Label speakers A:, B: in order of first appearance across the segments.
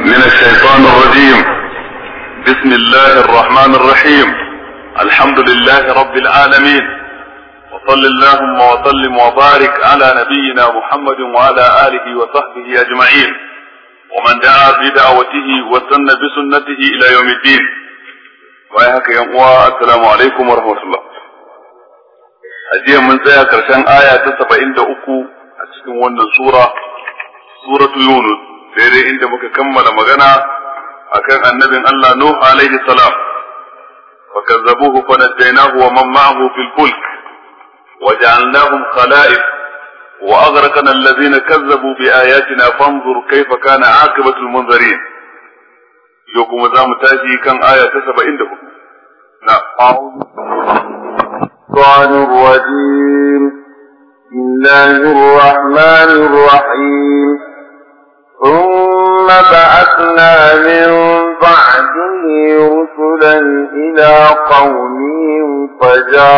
A: من الشيطان الرجيم بسم الله
B: الرحمن الرحيم الحمد لله رب العالمين وصل اللهم وسلم وبارك على نبينا محمد وعلى آله وصحبه أجمعين ومن دعا بدعوته وسن بسنته إلى يوم الدين وياك يا السلام عليكم ورحمة الله ajiya mun tsaya karshen aya ta saba'in da uku a cikin wannan sura suratu yunus daidai inda muka kammala magana akan annabin Allah Nuh alaihi salam فكذبوه فنجيناه ومن معه في الفلك وجعلناهم خلائف وأغرقنا الذين كذبوا بآياتنا فانظر كيف كان عاقبة المنذرين يوكم زام تاجي كان آية 74
C: نعم الشيطان الرجيم بسم الله الرحمن الرحيم ثم بعثنا من بعده رسلا إلى قومهم فجاءوهم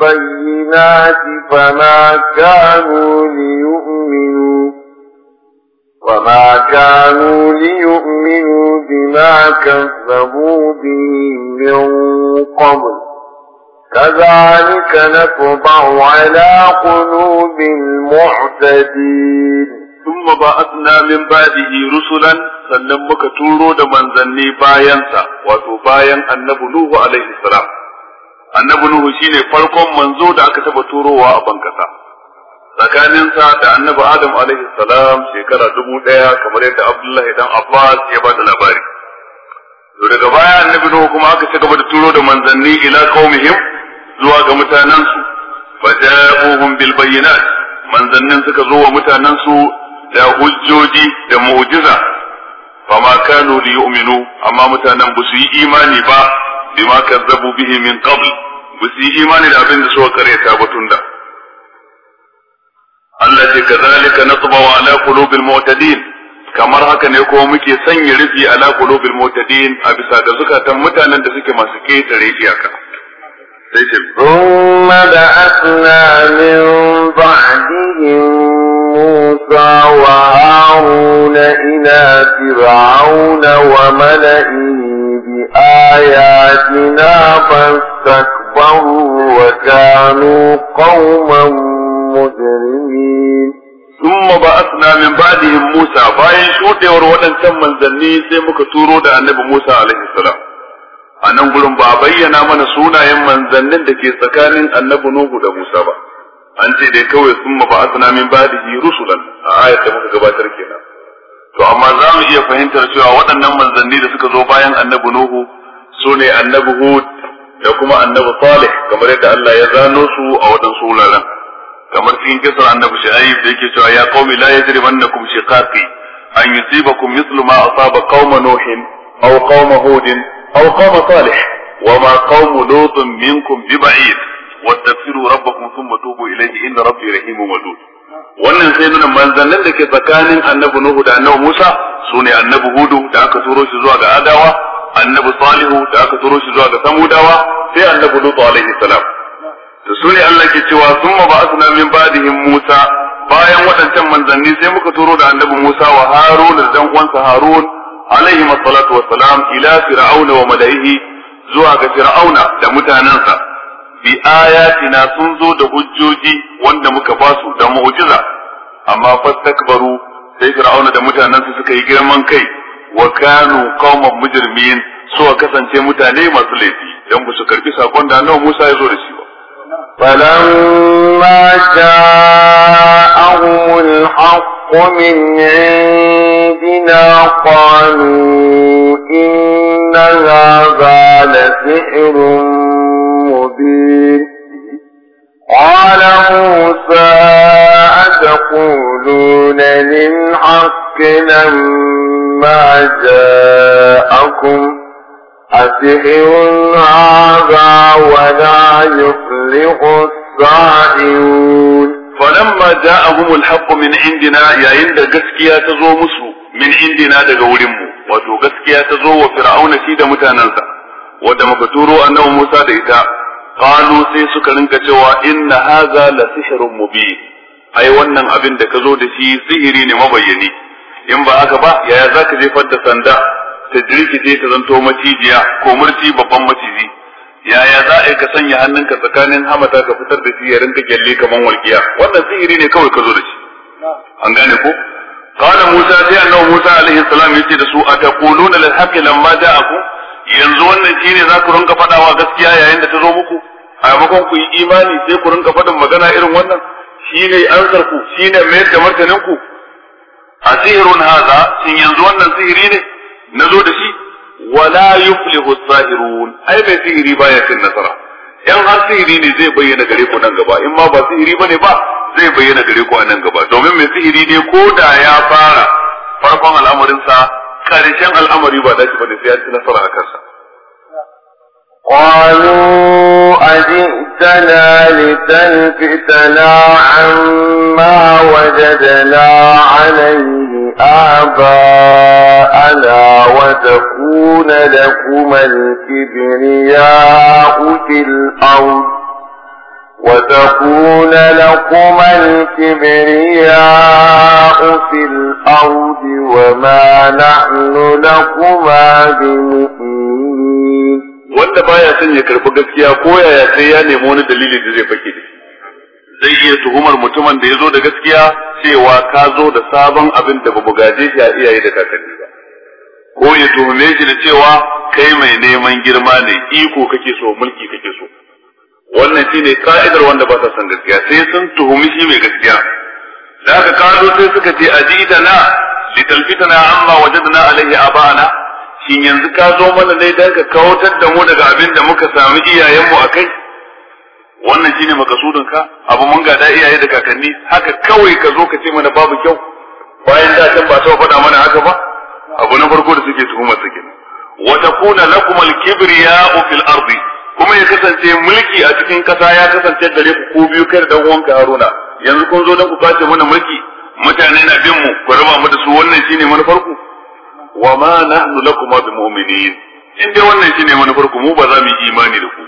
C: بالبينات فما كانوا ليؤمنوا وما كانوا ليؤمنوا بما كذبوا به من قبل كذلك نطبع على قلوب المعتدين ثم بعثنا من بعده رسلا sannan muka turo da manzanni
B: bayansa wato bayan annabi Nuhu alaihi salam annabi Nuhu shine farkon manzo da aka taba turowa a bankasa tsakaninsa da annabi adam alaihi salam shekara dubu daya kamar yadda abdullahi dan abbas ya ba da labari Dole daga baya annabi nuhu kuma aka ci gaba da turo da manzanni ila qaumihim zuwa ga su faja'uhum bil bayyinat manzannin suka zo wa su da hujjoji da mu'jiza fama kanu li yu'minu amma mutanen ba su yi imani ba bima kazzabu bihi min qabl ba su yi imani da abin da suka kareta ba da. Allah ce kazalika natbawa ala qulubil mu'tadin kamar haka ne ko muke sanya rufi ala qulubil mu'tadin a bisa ga zukatan mutanen da suke masu ketare iyaka sai ce thumma ba'athna
C: min ba'dihim Musa wa Harun ila fir'auna wa mala'ihi bi ayatina fastakbaru wa kanu qauman مجرمين ثم بعثنا من بعدهم موسى bayan shudewar waɗancan manzanni sai muka turo da
B: annabi Musa alaihi salam a nan gurin ba a bayyana mana sunayen manzannin da ke tsakanin annabi Nuhu da Musa ba an ce dai kawai sun ba'athna min ba'dihi rusulan a ayat da muka gabatar kenan to amma za mu iya fahimtar cewa waɗannan manzanni da suka zo bayan annabi Nuhu sune annabi Hud da kuma annabi Salih kamar yadda Allah ya zano su a waɗansu wuraren kamar cikin kisar annabi shu'aib da yake cewa ya qaumi la yajrimannakum shiqaqi an yusibakum mithlu ma asaba qauma nuhin aw qauma hudin aw qauma salih وما قوم لوط منكم ببعيد واستغفروا ربكم ثم توبوا اليه ان ربي رحيم ودود wannan sai nuna manzannin da ke tsakanin annabi Nuhu da annabi Musa su ne annabi Hudu da aka turo shi zuwa ga Adawa, annabi Salihu da aka turo shi zuwa ga Samudawa, sai annabi Lutu alaihi salam. Da su ne Allah ke cewa sun ma ba asna min ba'dihim Musa bayan waɗancan manzanni sai muka turo da annabi Musa wa Harun da dan uwansa Harun alaihi salatu wassalam ila fir'auna wa mala'ihi zuwa ga fir'auna da mutanansa bi ayatina sun zo da hujjoji wanda muka ba su da mu'jiza amma takbaru sai fir'auna da mutanansa suka yi girman kai wa kanu qauman mujrimin suka kasance mutane masu laifi dan ba su karbi sakon da Musa ya zo da shi
C: فلما جاءهم الحق من عندنا قالوا إن هذا لسحر مبين قال موسى أتقولون للحق لما جاءكم أسحر هذا ولا يفعل
B: يفلح الصاعدون فلما جاءهم الحق من عندنا يا عند غسكيا تزو مسو من عندنا daga wurinmu, mu wato gaskiya ta zo wa fir'auna shi da mutanansa wanda muka turo annabi Musa da ita qalu sai suka rinka cewa inna hadha la sihrun mubin ai wannan abin da ka zo da shi sihiri ne mabayyani in ba aka ba yaya zaka jefar da sanda ta jirkice ta zanto macijiya ko murci babban maciji yaya za a yi ka sanya hannunka tsakanin hamata ka fitar da shi ka gyalle kaman walkiya wannan sihiri ne kawai ka zo da shi an gane ko قال موسى سي أنه موسى عليه السلام يتي دسو أتقولون للحق لما جاءكم yanzu wannan shi ne za ku rinka faɗawa gaskiya yayin da ta zo muku a makon ku yi imani sai ku rinka faɗin magana irin wannan shi ne ansar ku shine ne da martanin ku asihrun sihirun haza shin yanzu wannan sihiri ne na zo da shi wala yuflihu sahirun ai mai sihiri baya cin nasara yan har ne zai bayyana gare ku nan gaba in ma ba sihiri bane ba zai bayyana gare ku a nan gaba domin mai sihiri ne ko da ya fara farkon al'amarin sa karshen al'amari ba dashi bane sai
C: ya ci nasara a kansa قالوا أجئتنا لتلفتنا عما وجدنا عليه آباءنا وتكون لكما الكبرياء في الأرض وتكون لكما الكبرياء في الأرض وما نحن لكما
B: بمؤمنين wanda بايا son ya karɓi gaskiya ko yaya sai ya nemi zai iya tuhumar mutumin da ya zo da gaskiya cewa ka zo da sabon abin da babu gaje shi a iyaye da kakanni ba ko ya tuhume shi da cewa kai mai neman girma ne iko kake so mulki kake so wannan shi ne ka'idar wanda ba sa san gaskiya sai sun tuhumi shi mai gaskiya da aka kazo sai suka ce ajidana na amma wajadna alaihi abana shin yanzu ka zo mana ne dan ka kawatar da mu daga abin da muka sami iyayenmu akai wannan shine makasudin ka abu mun da iyaye da kakanni haka kawai ka zo ka ce mana babu kyau bayan da can ba ta faɗa mana haka ba abu na farko da suke tuhumar su kenan wa takuna lakum al-kibriya'u fil ardi kuma ya kasance mulki a cikin kasa ya kasance gare ku ko biyu kai da dan uwanka Haruna yanzu kun zo dan ku kace mana mulki mutane na bin mu ku raba mu da su wannan shine manufarku? ku wa ma nahnu lakum bi in dai wannan shine manufarku mu ba za mu yi imani da ku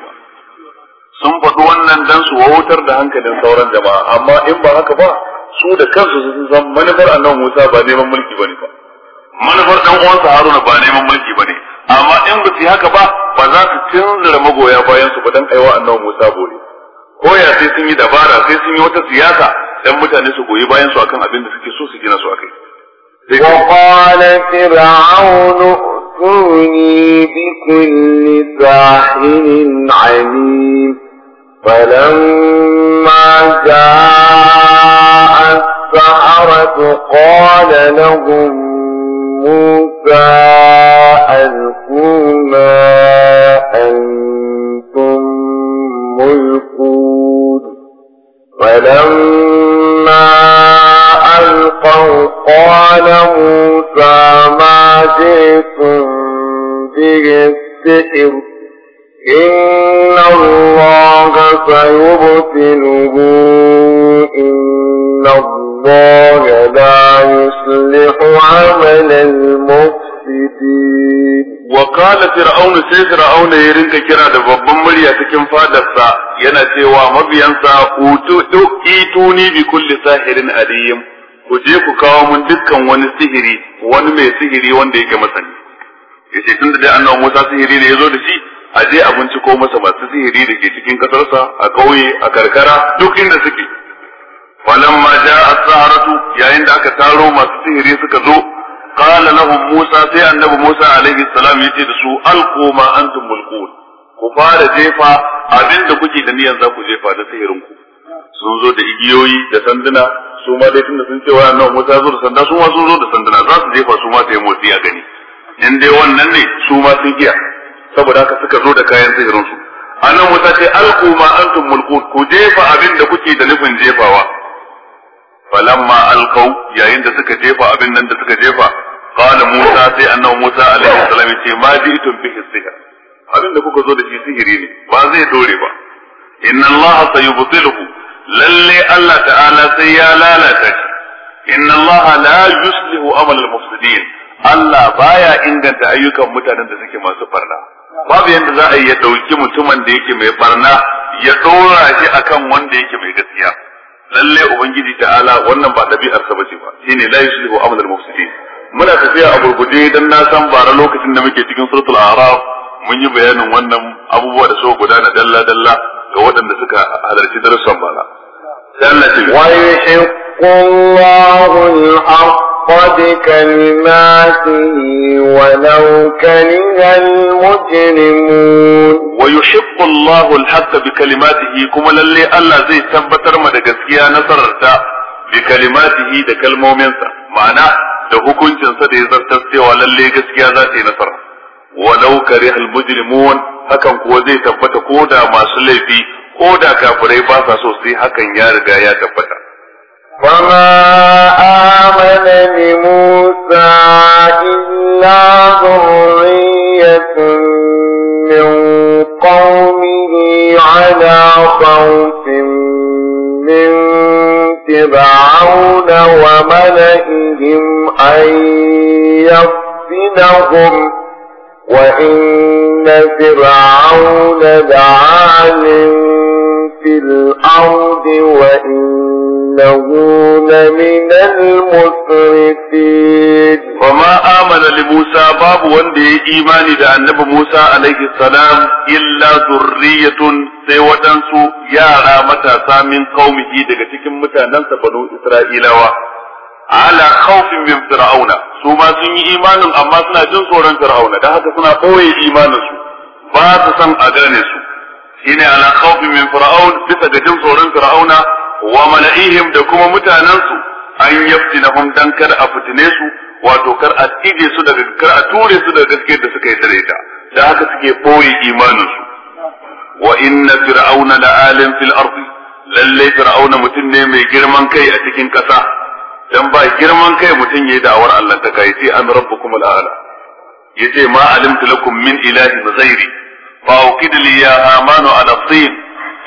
B: sun faɗi wannan dan su wautar da hankalin sauran jama'a amma in ba haka ba su da kansu sun san manufar annabi Musa ba neman mulki bane ba manufar dan uwansa Haruna ba neman mulki bane amma in ba su haka ba ba za su tunzura magoya bayan su ba dan kaiwa annabi Musa bore ko ya sai sun yi dabara sai sun yi wata siyasa dan mutane su goyi bayan su akan abin da suke so su gina su akai
C: وقال فرعون ائتوني بكل ساحر عليم فلما جاء السحرة قال لهم موسى ألقوا ما أنتم ملقون فلما ألقوا قال موسى ما جئتم به السحر إن الله سيبطله إن الله لا يصلح عمل المفسدين وقال فرعون سي فرعون يرنك كرا da babban murya cikin fadarsa yana
B: cewa mabiyansa utu ituni bi kulli sahirin alim ku je ku kawo mun dukkan wani sihiri wani mai sihiri wanda yake masani yace tunda dai annabi Musa sihiri ne yazo da shi a je a binciko masa masu sihiri da ke cikin kasarsa a ƙauye a karkara duk inda suke ma ja a saharatu yayin da aka taro masu sihiri suka zo Kala lahum musa sai annabi musa alaihi salam ya ce da su alko ma antum mulqun ku fara jefa abinda kuke da niyyar za ku jefa da sihirin ku sun zo da igiyoyi da sanduna su ma dai tunda sun ce wa annabi musa zo da sanda su ma sun zo da sanduna za su jefa su ma yi motsi a gani in dai wannan ne su ma sun iya saboda haka suka zo da kayan sihirinsu. su anan wuta ce alqu ma antum mulqut ku jefa abin da kuke da nufin jefawa falamma alqau yayin da suka jefa abin nan da suka jefa qala musa sai annabi musa alaihi salam ce ma bi'tum bihi sihir abin da kuka zo da shi sihiri ne ba zai dore ba inna allaha sayubtiluhu lalle allah ta'ala sai ya lalata shi inna allaha la yuslihu amal al-mufsidin Allah baya inganta ayyukan mutanen da suke masu farna. babu yadda za a yi ya ɗauki mutumin da yake mai barna ya ɗora shi akan wanda yake mai gaskiya lalle ubangiji ta'ala wannan ba ɗabi'arsa ba ce ba shine la amal al mufsidin muna tafiya a gurgude dan na san bara lokacin da muke cikin suratul araf mun yi bayanin wannan abubuwa da suka gudana dalla dalla ga waɗanda suka halarci darussan bara
C: sai ya ce wa yashqu Allahu al حقت كلماته ولو كره
B: المجرمون ويحب الله الحق بكلماته كما للي الله زي تبتر ما دقسكيا نصرتا بكلماته دكالمومنسا معناه da hukuncinsa da ya zartar cewa lalle gaskiya za ta yi nasara walau kare almujrimun hakan kuwa zai tabbata ko da masu laifi ko da kafirai ba sa so sai hakan ya riga ya tabbata وما آمن
C: لموسى إلا ذرية من قومه على خوف من تبعون وملئهم أن يفتنهم وإن فرعون لعالم في الأرض وإنه لمن المسرفين
B: وما آمن لموسى باب وندي إيماني دا النبي موسى عليه السلام إلا ذرية سيوتنسو يارا متى من قومه دقا تكم متى ننسى بنو إسرائيلوا ala khawfin min fir'auna su ma sun yi imanin amma suna jin tsoron fir'auna dan haka suna koye imanin su ba su san a gane su shine ala min fir'aun bisa ga jin tsoron fir'auna wa mala'ihim da kuma mutanansu an yaftinahum dan kar a fitine su wato kar a ije su daga kar a ture su daga gaske da suka yi ta da haka suke boye imanin su wa inna fir'auna la'alim fil ardi lalle fir'auna mutum ne mai girman kai a cikin kasa dan ba girman kai mutum yayi da'awar Allah ta kai sai an rabbukum al'ala yace ma alimtu lakum min ilahi ghairi فأوقد لي يا هامان على الطين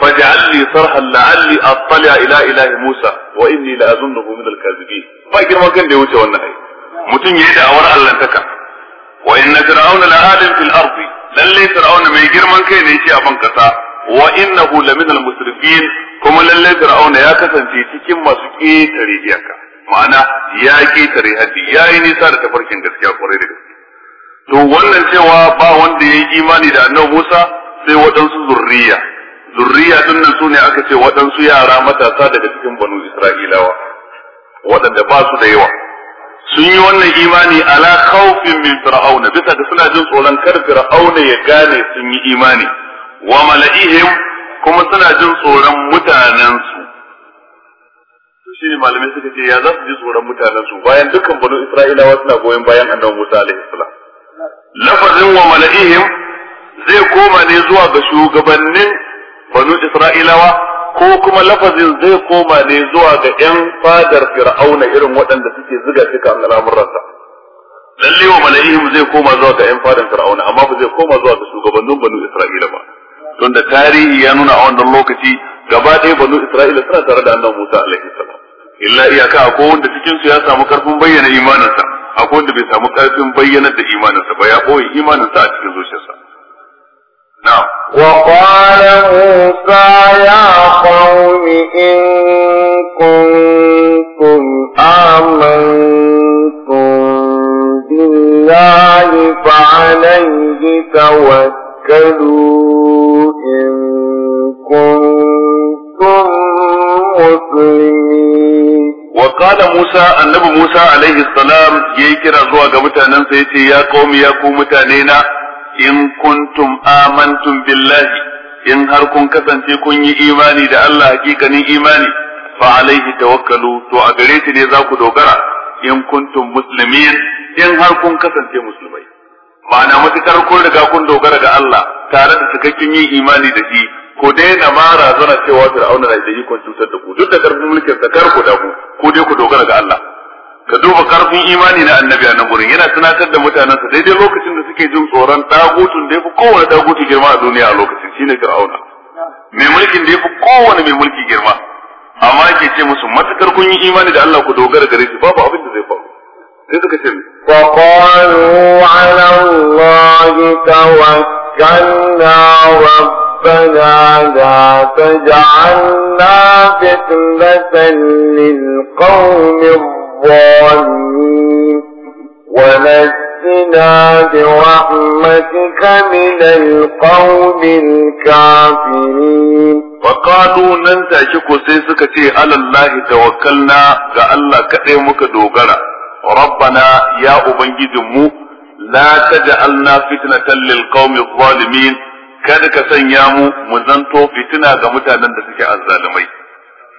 B: فاجعل لي صرحا لعلي أطلع إلى إله موسى وإني لأظنه من الكاذبين فأجر ما كان يوجه والنهي متن يدعى وراء لنتكا وإن فرعون لآدم في الأرض للي فرعون ما يجر من كان يشيء من كسا وإنه لمن المسرفين كما للي فرعون يا كسن تيتكم ما سكيت ريجيك ma'ana ya ƙetare haddi ya yi nisa da tafarkin gaskiya kwarai da gaske to wannan cewa ba wanda ya yi imani da annabi Musa sai waɗansu zurriya zurriya din nan su ne aka ce waɗansu yara matasa daga cikin banu Isra'ilawa waɗanda ba su da yawa sun yi wannan imani ala khawfin min fir'auna bisa ga suna jin tsoron kar fir'auna ya gane sun yi imani wa mala'ihim kuma suna jin tsoron mutanensu shi ne malamai suka ce ya za su ji tsoron mutanensu bayan dukkan banu Isra'ilawa suna goyon bayan annabi Musa alaihi salam
A: lafazin wa mala'ihim zai
B: koma ne zuwa ga shugabannin banu isra'ilawa ko kuma lafazin zai koma ne zuwa ga 'yan fadar fir'auna irin waɗanda suke ziga shi kan al'amuransa lalle wa mala'ihim zai koma zuwa ga 'yan fadar fir'auna amma ba zai koma zuwa ga shugabannin banu isra'ila ba tunda tarihi ya nuna a wannan lokaci gaba ɗaya banu isra'ila suna tare da annabi musa alaihi salam illa iyaka akwai wanda cikin su ya samu karfin bayyana imaninsa akwai wanda bai samu karfin bayyanar da imaninsa ba ya boye imaninsa a
A: cikin
C: zuciyarsa na'am wa qala musa ya qaumi in kuntum amantum billahi fa alayhi tawakkalu in kuntum
B: muslimin wa qala musa annabi musa alaihi salam yayi kira zuwa ga mutanen sa yace ya qaumi ya ku mutane na in kuntum amantum billahi in har kun kasance kun yi imani da Allah hakikanin imani fa alaihi tawakkalu to a gare shi ne za ku dogara in kuntum muslimin in har kun kasance musulmai ma'ana mutakar kun riga kun dogara ga Allah tare da cikakken yin imani da shi
C: ku daina mara
B: zana cewa fir'auna na da ikon cutar da ku duk da karfin mulkin sa kar ku da ku dai ku dogara ga Allah ka duba karfin imani na annabi a nan gurin yana tunatar da mutanen sa daidai lokacin da suke jin tsoron dagutun da yafi kowane dagutu girma a duniya a lokacin shine fir'auna mai mulkin da yafi kowane mai mulki girma amma yake ce musu matakar kun yi imani da Allah ku dogara gare shi babu abin da zai faru sai suka ce
C: وقالوا على الله توكلنا رب ربنا لا تجعلنا فتنة للقوم الظالمين ونجنا برحمتك من القوم الكافرين فقالوا
B: لن تأشكوا سيسكتي على الله توكلنا كألا كأيمك دوغرا ربنا يا أبنجد مو لا تجعلنا فتنة للقوم الظالمين kada ka sanya mu mu zanto fitina ga mutanen da suke azzalumai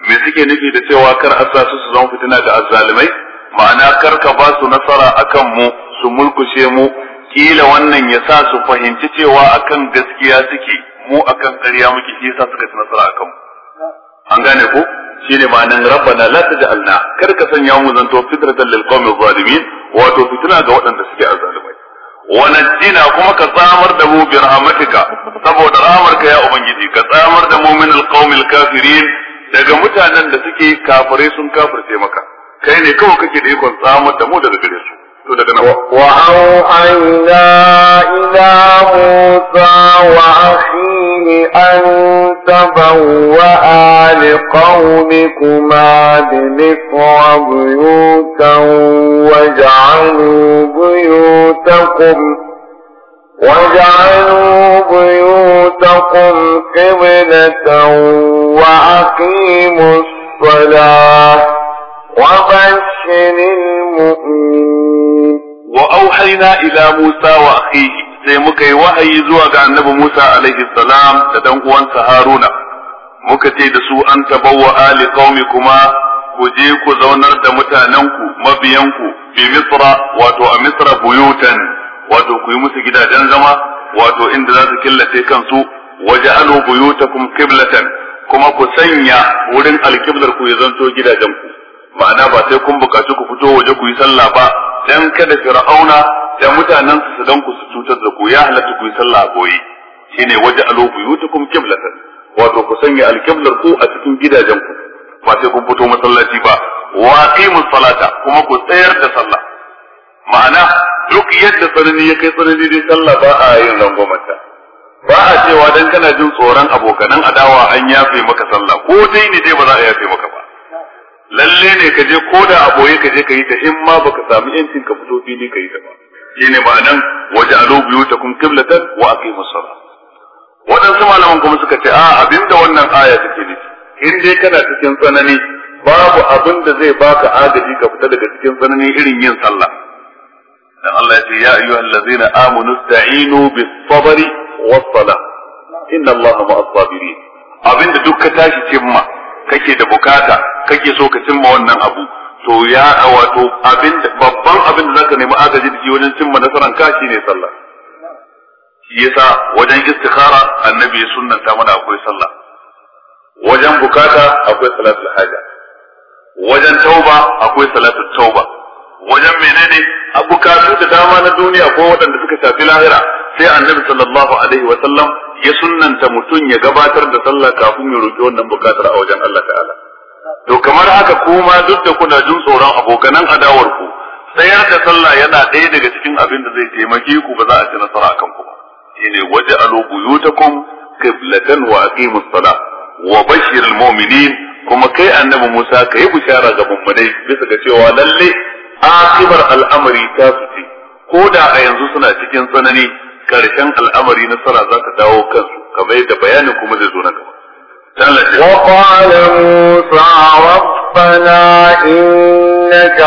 B: me suke nufi da cewa kar a sa su su zama fitina ga azzalumai ma'ana kar ka ba su nasara akan mu su mulkushe mu kila wannan ya sa su fahimci cewa akan gaskiya suke mu akan ƙarya muke shi yasa suka ci nasara akan mu an gane ku. shi ne ma'anan rabbana la taj'alna kar ka sanya mu zanto fitratan lil qawmi zalimin wato fitina ga waɗanda suke azzalumai wa najjina kuma ka tsamar da mu bi rahmatika saboda ka ya ubangiji ka tsamar da mu min alqawmil kafirin daga mutanen da suke kafirai sun kafirce maka kai ne kawai kake da ikon tsamar da mu daga gare
C: وأوحينا إلى موسى وأخيه أن تبوأ لقومكما بمصر بيوتا واجعلوا بيوتكم واجعلوا بيوتكم قبلة وأقيموا الصلاة وبشر المؤمنين wa auhayna ila Musa wa sai
B: muka yi wahayi zuwa ga annabi Musa alaihi salam da dan uwansa Haruna muka ce da su an tabawwa ali qaumi kuma ku je ku zaunar da mutanenku mabiyanku bi Misra wato a Misra buyutan wato ku yi musu gidajen zama wato inda za su killace kansu waja'alu buyutakum qiblatan kuma ku sanya wurin alkiblar ku ya zanto gidajenku ma'ana ba sai kun bukaci ku fito waje ku yi sallah ba dan kada fir'auna da mutanen su dan ku su cutar da ku ya halatta ku yi sallah goyi shine waje alu buyutukum qiblatan wato ku sanya alqiblar ku a cikin gidajen ku ba sai kun fito masallaci ba wa aqimus salata kuma ku tsayar da sallah ma'ana duk yadda tsanani ya kai tsanani dai sallah ba a yin rangwamata ba a cewa dan kana jin tsoron abokanan adawa an yafe maka sallah ko dai ne dai ba za a yafe maka ba lalle ne ka je ko da a boye ka je ka yi ta in ma baka samu yancin ka fito fili ka yi ta ba shine ma'anan waje alo biyutakum qiblatan wa aqimus salat waɗansu malaman kuma suka ce a abinda wannan aya take nufi in dai kana cikin tsanani babu abin da zai baka agaji ka fita daga cikin tsanani irin yin sallah dan Allah ya ce ya ayyuhal ladzina amanu ista'inu bis sabri was salah inna Allaha ma'as sabirin abinda duk ka tashi cimma kake da bukata kake so ka cimma wannan abu to ya wato abin babban abin da zaka nemi agaji da wajen cimma nasaran ka shine sallah yasa wajen istikhara annabi ya sunnanta mana akwai sallah wajen bukata akwai salatul haja wajen tauba akwai salatul tauba wajen menene a bukatu da dama na duniya ko waɗanda suka shafi lahira sai annabi sallallahu alaihi wa sallam ya sunnanta mutum ya gabatar da sallah kafin ya roki wannan bukatar a wajen Allah ta'ala to kamar haka kuma duk da kuna jin tsoron abokanan adawar ku sayar da sallah yana ɗaya daga cikin abin da zai taimake ku ba za a ci nasara akan ku ba shine waj'alu buyutakum qiblatan wa aqimus salah wa bashiril mu'minin kuma kai annabi Musa kai bishara ga mummunai bisa ga cewa lalle akibar al'amari ta fice ko da a yanzu suna cikin tsanani karshen al'amari nasara za ta dawo kansu kamar yadda bayanin kuma zai zo na gaba
C: وقال موسى ربنا إنك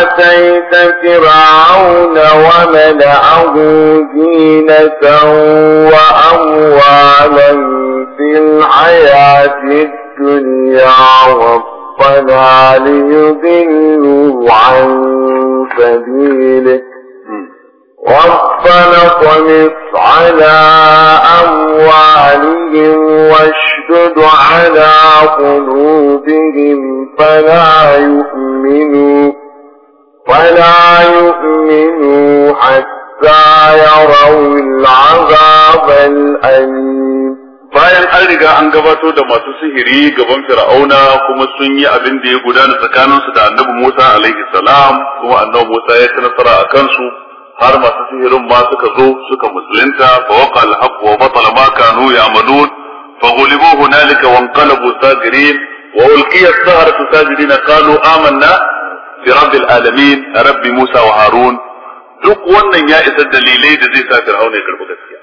C: آتيت فرعون وملأه زينة وأموالا في الحياة الدنيا ربنا ليضلوا عن سبيلك ربنا طمس على أموالهم واشدد على قلوبهم فلا يؤمنوا فلا يؤمنوا حتى يروا
B: العذاب الأليم bayan an riga an gabato da masu sihiri gaban fir'auna kuma sun yi abin da ya gudana tsakaninsu da annabi Musa alaihi salam kuma annabi Musa ya ci nasara a kansu har masu sihirin ma suka zo suka musulunta fa waqa al-haq wa batala ma kanu ya'malun fa ghulibu hunalika wa inqalabu sagirin wa ulqiya as-sahratu sajidina qalu amanna bi rabbil alamin rabbi Musa wa Harun duk wannan ya isa dalilai da zai sa Fir'auna ya karbi gaskiya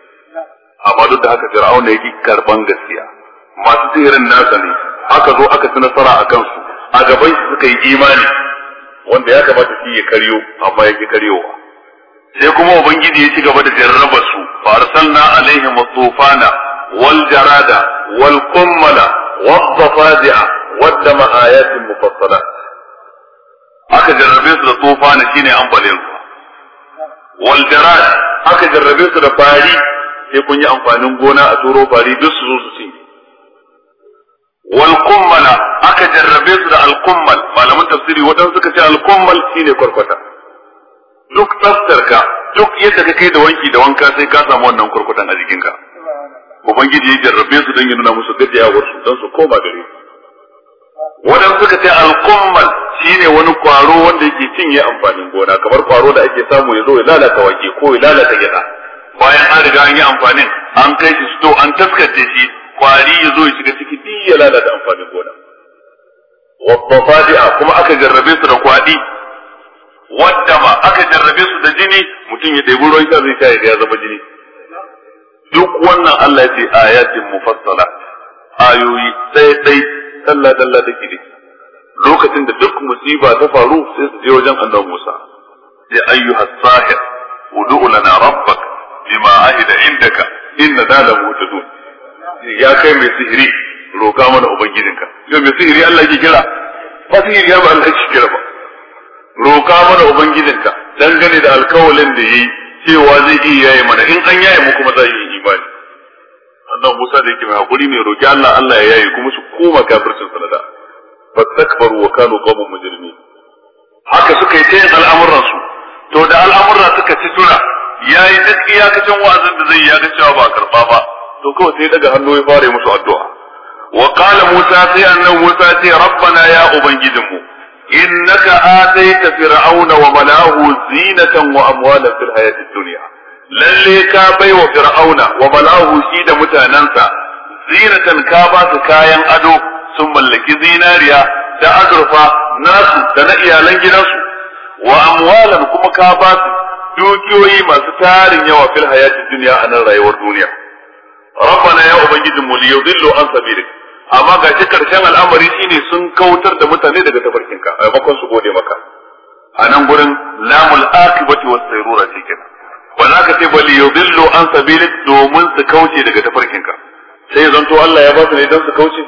B: amma duk da haka Fir'auna yake karban gaskiya masu sihirin nasa ne aka zo aka ci nasara a kansu a gaban su suka yi imani wanda ya kamata shi ya karyo amma ya ki karyowa sai kuma ubangiji ya ci gaba da jarraba su fa arsalna alaihim tufana wal jarada wal kummala wad dafadi'a wad dama ayatin mufassalat aka jarrabe su da tufana shine ambalin ruwa wal jarad aka jarrabe su da fari sai kun yi amfanin gona a turo fari duk su zo su ci wal kummala aka jarrabe su da al kummal malaman tafsiri wadansu suka ce al kummal shine kwarkwata duk tsaftarka duk yadda ka kai da wanki da wanka sai ka samu wannan kurkutan a jikinka ubangiji ya jarrabe su don ya nuna musu gajiyawar su don su koma gare wadan suka ce shi shine wani kwaro wanda yake cinye amfanin gona kamar kwaro da ake samu ya zo ya lalata wake ko ya lalata gida bayan an riga an yi amfanin an kai shi sto an taskace shi kwari ya zo ya shiga ciki duk ya lalata amfanin gona wa kuma aka jarrabe su da kwadi wadda ba aka jarrabe su da jini mutum ya ɗebi ruwan sha zai sha ya zama jini duk wannan Allah ya ce ayatin mufassala ayoyi ɗaya ɗai dalla dalla da gidi lokacin da duk musiba ta faru sai su je wajen Allah Musa ya ayyuha sahir ud'u lana rabbak bima ahida indaka inna dala mutadun ya kai mai sihiri roka mana ubangijinka yau mai sihiri Allah yake kira ba sihiri ba Allah yake kira ba roka mana ubangijinka dangane da alkawalin da yayi cewa zai iya yaye mana in an yaye mu kuma zai yi imani Annan Musa da yake mai hakuri ne roki Allah Allah ya yaye kuma su koma kafircin sanada takbaru wa kanu qawmun mujrimin haka suka yi ta yin al'amuran su to da al'amura suka ci tura yayi duk iyakacin wa'azin da zai yi ya ga cewa ba karba ba to kawai sai daga hannu ya fara musu addu'a wa qala Musa sai annabi Musa ce rabbana ya ubangijinmu innaka ataita fir'auna wa malahu zinatan wa amwalan fil hayati dunya lalle ka baiwa fir'auna wa malahu shi da mutanansa zinatan ka ba su kayan ado sun mallaki zinariya da azurfa nasu da na iyalan gidansu wa amwalan kuma ka ba su dukiyoyi masu tarin yawa fil hayati dunya a nan rayuwar duniya rabbana ya ubangijinmu liyudillu an sabilika amma ga shi karshen al'amari shine sun kautar da mutane daga tafarkinka, a maimakon su gode maka a nan gurin lamul aqibati was sayrura ce kenan ba za ka ce bal yudillu an sabilik domin su kauce daga tafarkinka. Sai sai zanto Allah ya ba su ne dan su kauce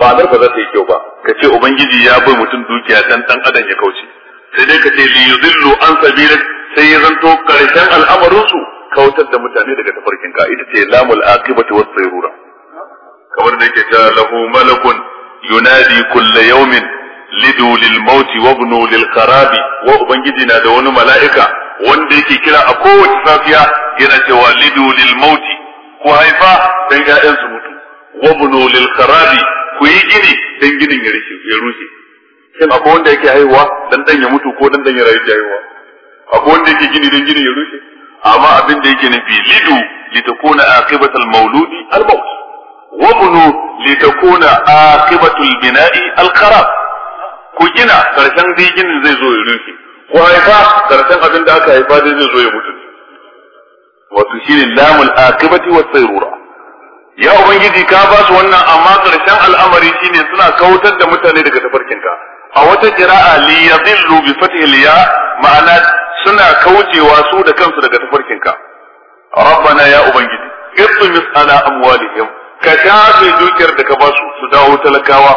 B: ba nan ba za ta yi kyau ba ka ce ubangiji ya bai mutum dukiya dan dan adam ya kauce sai dai ka ce li yudillu an sabilik sai ya zanto karshen al'amarin su kautar da mutane daga tafarkinka, ita ce lamul aqibati was sayrura kamar da yake ta lahu malakun yunadi kulla yawmin lidu lil mauti wa ibnu lil kharabi wa ubangiji na da wani mala'ika wanda yake kira a kowace safiya yana cewa lidu lil mauti ku haifa dan ƴaƴan su mutu wa ibnu lil kharabi ku yi gini dan ginin ya rushe ya ruke kin akwai wanda yake haihuwa dan dan ya mutu ko dan dan ya rayu da haihuwa akwai wanda yake gini dan ginin ya rushe amma abin da yake nufi lidu litakuna aqibatul mauludi al mauti. wa bunu litakuna aqibatul bina'i alkharab ku gina karshen zigin zai zo ya rufe ku haifa karshen abin da aka haifa zai zo ya mutu wato shine lamul aqibati was sayrura ya ubangiji ka ba su wannan amma karshen al'amari shine suna kautar da mutane daga tafarkinka a wata jira'a li yadhillu bi fathi liya ma'ana suna kaucewa su da kansu daga tafarkinka rabbana ya ubangiji ibtu ala amwalihim ka shafe dukiyar da ka ba su su dawo talakawa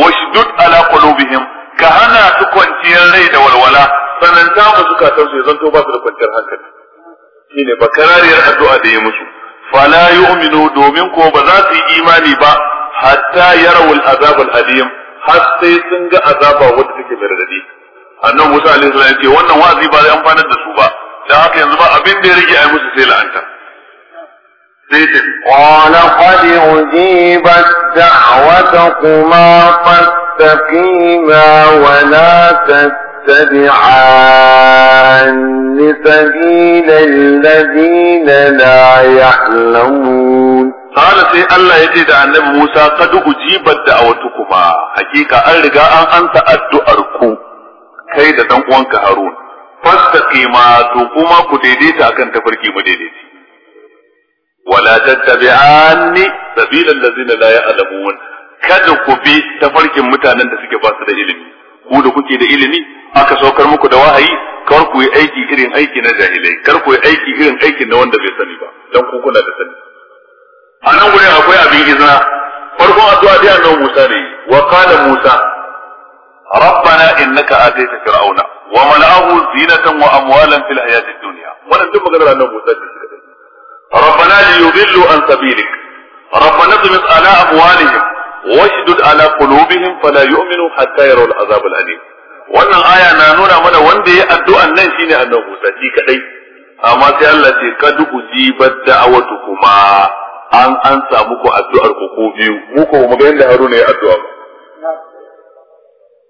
B: washdud ala qulubihim ka hana su kwanciyar rai da walwala sananta mu zukatan su zanto ba su da kwanciyar hankali shine ba karariyar addu'a da ya musu fala yu'minu domin ko ba za su yi imani ba hatta yarawul azab al har sai sun ga azaba wadda take mai radadi annabi Musa alaihi salam ya ce wannan wa'azi ba zai amfanar da su ba Da haka yanzu ba abin da ya rage ai musu sai la'anta قال قد أجيبت
C: دعوتكما فاستقيما ولا تتبعان سبيل الذين لا يعلمون قال سي الله يتي دع النبي موسى قد
B: أجيبت دعوتكما حقيقة أرجع أنت أدعركم كيدا تنقوانك هارون فاستقيما تقوما كتديتا كنت فرقي مديديتي wala tattabi'anni sabilal ladzina la ya'lamun kada ku bi tafarkin mutanen da suke ba su da ilimi ku da kuke da ilimi aka saukar muku da wahayi kar ku yi aiki irin aiki na jahilai kar ku yi aiki irin aiki na wanda bai sani ba dan ku kuna da sani a nan gurin akwai abin izina farkon addu'a dai annabi Musa ne wa qala Musa rabbana innaka ataita fir'auna wa mala'ahu zinatan wa amwalan fil hayatid dunya wannan duk maganar annabi Musa ce ربنا ليضلوا عن سبيلك ربنا اطمس على أموالهم واشدد على قلوبهم فلا يؤمنوا حتى يروا العذاب الأليم wannan aya na nuna mana wanda ya addu'an nan shine annabi Musa shi kadai amma sai Allah ce jibar ujibat kuma an an samu ku addu'ar ku ko biyu mu ko mu ga yanda Haruna ya addu'a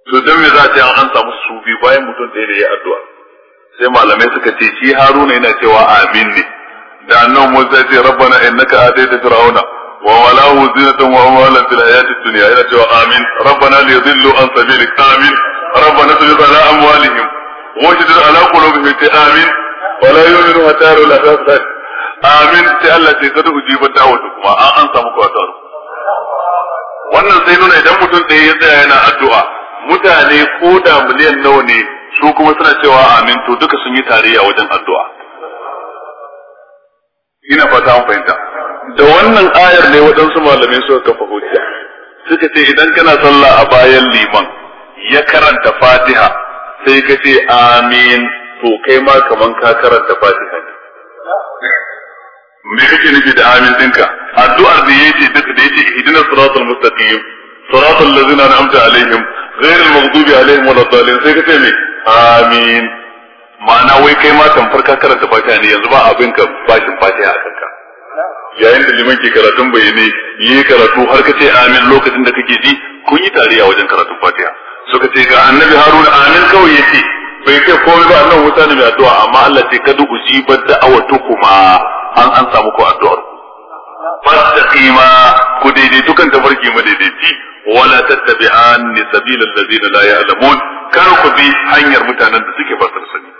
B: to dan me za ta an an samu su biyu bayan mutum da ya addu'a sai malamai suka ce shi Haruna yana cewa amin ne da annabi Musa ya ce rabbana innaka ataita fir'auna wa malahu zinatan wa amwalan fil hayati dunya ila cewa amin rabbana liyadillu an sabilik amin rabbana tujib ala amwalihim wa tujib ala qulubihim ta amin
C: wa la yu'minu hatta
B: la la amin sai Allah sai kada ujiba da'watu kuma an an samu kwatar wannan sai nuna idan mutum da ya tsaya yana addu'a mutane ko da miliyan nawa ne su kuma suna cewa amin to duka sun yi tarayya wajen addu'a ina fata an fahimta da wannan ayar ne waɗansu malamai suka kafa hujja suka ce idan kana sallah a bayan liman ya karanta fatiha sai ka ce amin to kai ma kaman ka karanta fatiha
A: ne me kake nufi da amin dinka addu'ar
B: da yace duk da yace ihdina siratal mustaqim siratal ladzina an'amta alaihim ghayril maghdubi alaihim waladdallin sai ka ce me amin ma'ana wai kai ma tamfar ka karanta fatiha ne yanzu ba abin ka bashin fatiha a kanka yayin da liman ke karatun bayyane yi karatu har ka ce amin lokacin da kake ji kun yi tariya wajen karatun fatiha suka ce ga annabi haruna amin kawai ya ce bai ce komai ba annabi musa ne mai addu'a amma Allah ce kada usibat kuma an an samu ku addu'ar fastaqima ku daidaitu kan tafarki madaidaici wala tattabi'an sabila allazina la ya'lamun kar ku bi hanyar
C: mutanen da suke ba sani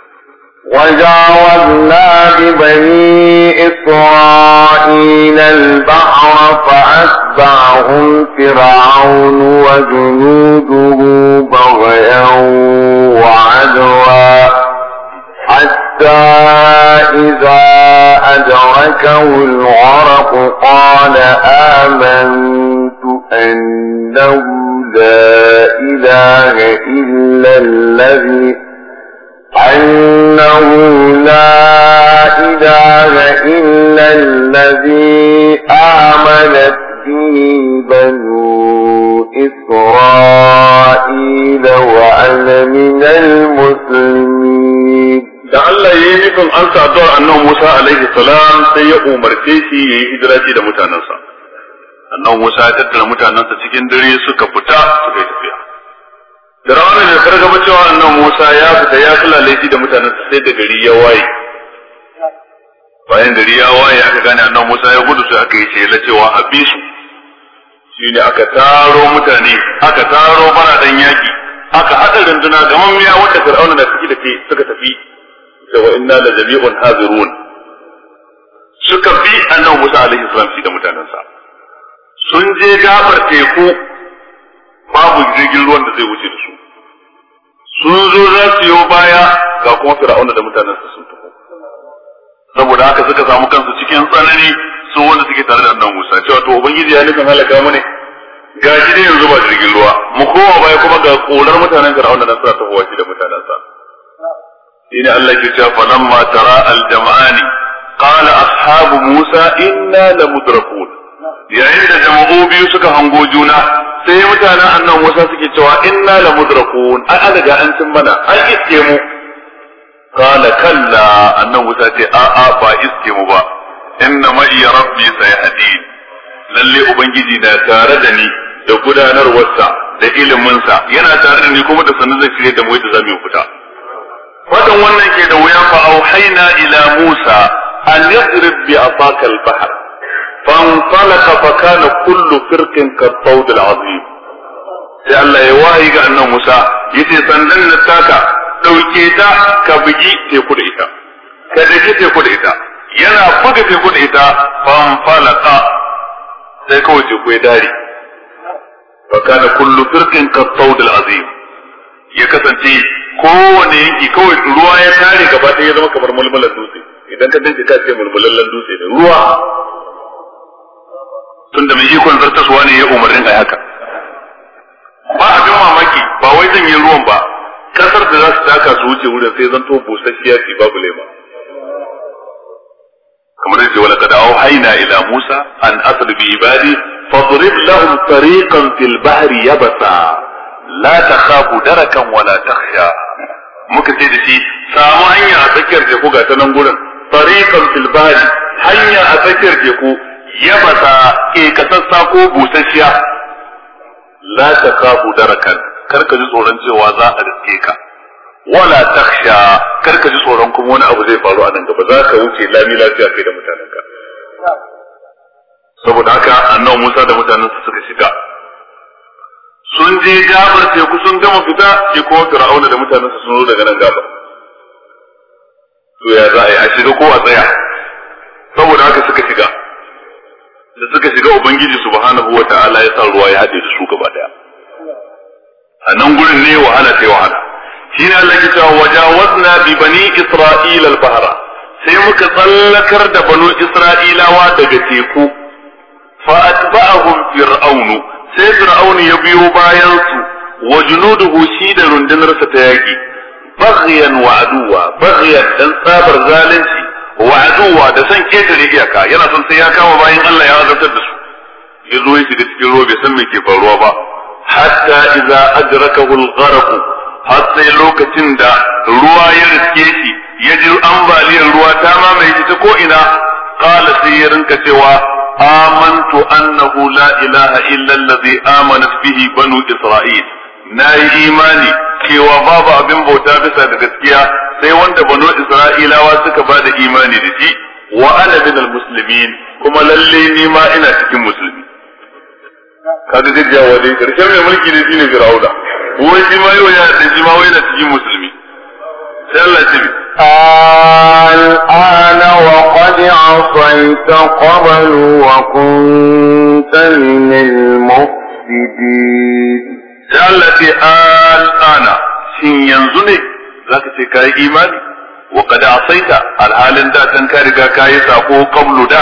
C: وجاوزنا ببني إسرائيل البحر فأتبعهم فرعون وجنوده بغيا وعدوا حتى إذا أدركه الغرق قال آمنت أنه لا إله إلا الذي أنه لا إله إلا الذي آمنت به بنو إسرائيل وأنا من المسلمين da Allah ya
B: yi nufin an sa addu'ar Musa alaihi salam sai ya umarce shi ya yi hijiraci da mutanensa. Annan Musa ya tattara mutanensa cikin dare suka fita suka yi tafiya. Fir'auna da kar gaba cewa annan Musa ya fita ya kula laifi da mutanen sai da gari ya waye. Bayan gari ya waye aka gane annan Musa ya gudu sai aka yi la cewa a bi su. Shi ne aka taro mutane, aka taro dan yaki, aka haɗa runduna gaman miya wanda Fir'auna da suke da suka tafi. Da wa inna la jami'un hazirun. Suka bi annan Musa alaihi salam shi da mutanensa. Sun je gabar teku babu jirgin ruwan da zai wuce sun zo za su yi baya ga kuma fir'auna da mutanen su sun tafi saboda haka suka samu kansu cikin tsanani su wanda suke tare da annabi Musa cewa to ubangiji ya nufin halaka mu ne ga shi yanzu ba jirgin ruwa mu kowa baya kuma ga korar mutanen fir'auna nan suna tafowa shi da mutanen sa shine Allah ke cewa falamma tara al-jama'ani qala ashabu Musa inna lamudrakun yayin da jama'u biyu suka hango juna sai mutanen annan wasa suke cewa inna la mudrakun ai an riga an cin mana an iske mu kala kalla annan wuta ce a a ba iske mu ba inna ma iya rabbi sayhadi lalle ubangiji na tare da ni da gudanarwarsa da iliminsa yana tare da ni kuma da sanin zai shirye da mu yadda zamu fita fadan wannan ke da wuya fa auhayna ila musa an yadrib bi afakal bahr فانطلق فكان كل فرق كالطود العظيم sai Allah ya wahayi ga annan Musa yace sandan na taka dauke ta ka bugi teku da ita ka dake teku da ita yana buga teku da ita fanfalaka sai kawai teku ya dare fa kana kullu firqin ka tawdil azim ya kasance kowane yanki kawai ruwa ya tare gaba ɗaya ya zama kamar mulmulan dutse idan ka dinka ka ce mulmulallen dutse da ruwa tunda mai ikon zartaswa ne ya umarnin a haka ba abin mamaki ba wai zan yi ruwan ba kasar da za su taka su wuce wurin sai zan to busasshiya ce babu lema kamar yadda wala kada au haina ila musa an asr bi ibadi fadrib lahum tariqan fil bahri yabasa la takhafu darakan wala takhsha muka ce da shi samu hanya a tsakiyar teku ga ta nan gurin tariqan fil bahri hanya a tsakiyar teku yabasa ke kasassa ko busasshiya la kafu darakan kar ka ji tsoron cewa za a riske ka wala ta kar ka ji tsoron kuma wani abu zai faru a nan gaba za ka wuce lami lafiya kai da mutanenka saboda haka annabi Musa da mutanen su suka shiga sun je gabar teku sun gama fita shi kuma fir'auna da mutanen su sun zo daga nan gaba. to ya za a yi a shiga ko a tsaya saboda haka suka shiga da suka shiga ubangiji subhanahu wa ta'ala ya sa ruwa ya haɗe da su gaba daya a nan gurin ne wahala sai wahala shine Allah ke cewa wajawazna bi bani isra'ila al-bahra sai muka tsallakar da banu isra'ilawa daga teku fa atba'ahum fir'aunu sai fir'aunu ya biyo bayan su wa junuduhu shi da rundunarsa ta yaki baghyan wa aduwa baghyan dan tsabar zalunci wa da san ketare iyaka yana son sai ya kama bayan Allah ya azabtar da su ya zo ya shiga cikin ruwa bai san me ke faruwa ba hatta idza adrakahu al-gharq har sai lokacin da ruwa ya riske shi ya ji ambaliyar ruwa ta mamaye shi ta ko ina qala sai ya rinka cewa amantu annahu la ilaha illa allazi amanat bihi banu isra'il na yi imani cewa babu abin bauta bisa da gaskiya sai wanda banu isra'ilawa suka ba da imani da shi wa ana min almuslimin kuma lalle ni ma ina cikin musulmi kaga gajiyawa dai karshen mai mulki ne shine fir'auna wai shi ma yau ya da shi ma wai na cikin musulmi
C: sai Allah ya tabi الآن وقد عصيت قبل وكنت من المفسدين da Allah ce al'ana shin yanzu ne
B: zaka ce kai imani wa da asaita alhalin da kan ka riga kai sako qablu da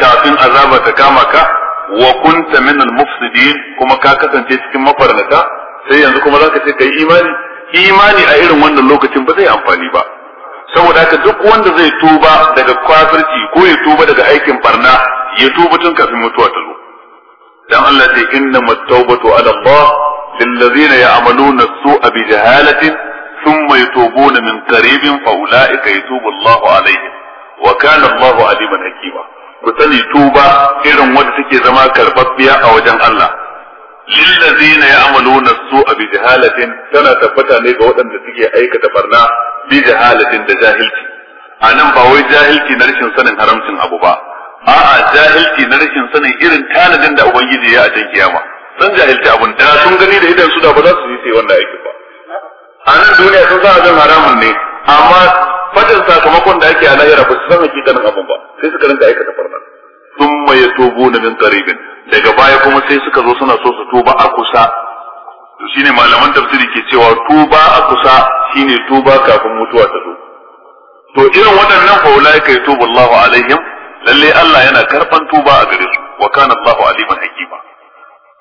B: kafin azaba ta kama ka wa kunta min al-mufsidin kuma ka kasance cikin mafarnata sai yanzu kuma zaka ce kai imani imani a irin wannan lokacin ba zai amfani ba saboda haka duk wanda zai tuba daga kafirci ko ya tuba daga aikin barna ya tuba tun kafin mutuwa ta zo dan Allah ce inna mattaubatu ala Allah للذين يعملون السوء بجهالة ثم يتوبون من قريب فأولئك يتوب الله عليهم وكان الله عليما حكيما kusani tuba irin wanda suke zama biya a wajen Allah lillazina ya'maluna su'a bi jahalatin tana tabbata ne ga waɗanda suke aikata barna bi jahalatin da jahilci anan ba wai jahilci na rashin sanin haramcin abu ba a'a jahilci na rashin sanin irin tanadin da ubangiji ya a cikin kiyama sun jahilci abun da sun gani da idan su da ba za su yi sai wanda aikin ba a nan duniya sun sa abin haramun ne amma fadin sakamakon da ake a lahira ba su san hakikanin abun ba sai suka rinka aikata farna tobo na min qaribin daga baya kuma sai suka zo suna so su tuba a kusa shine malaman tafsiri ke cewa tuba a kusa shine tuba kafin mutuwa ta zo to irin waɗannan fa ulaika yatubu Allahu alaihim lalle Allah yana karban tuba a gare su wa kana Allahu aliman hakima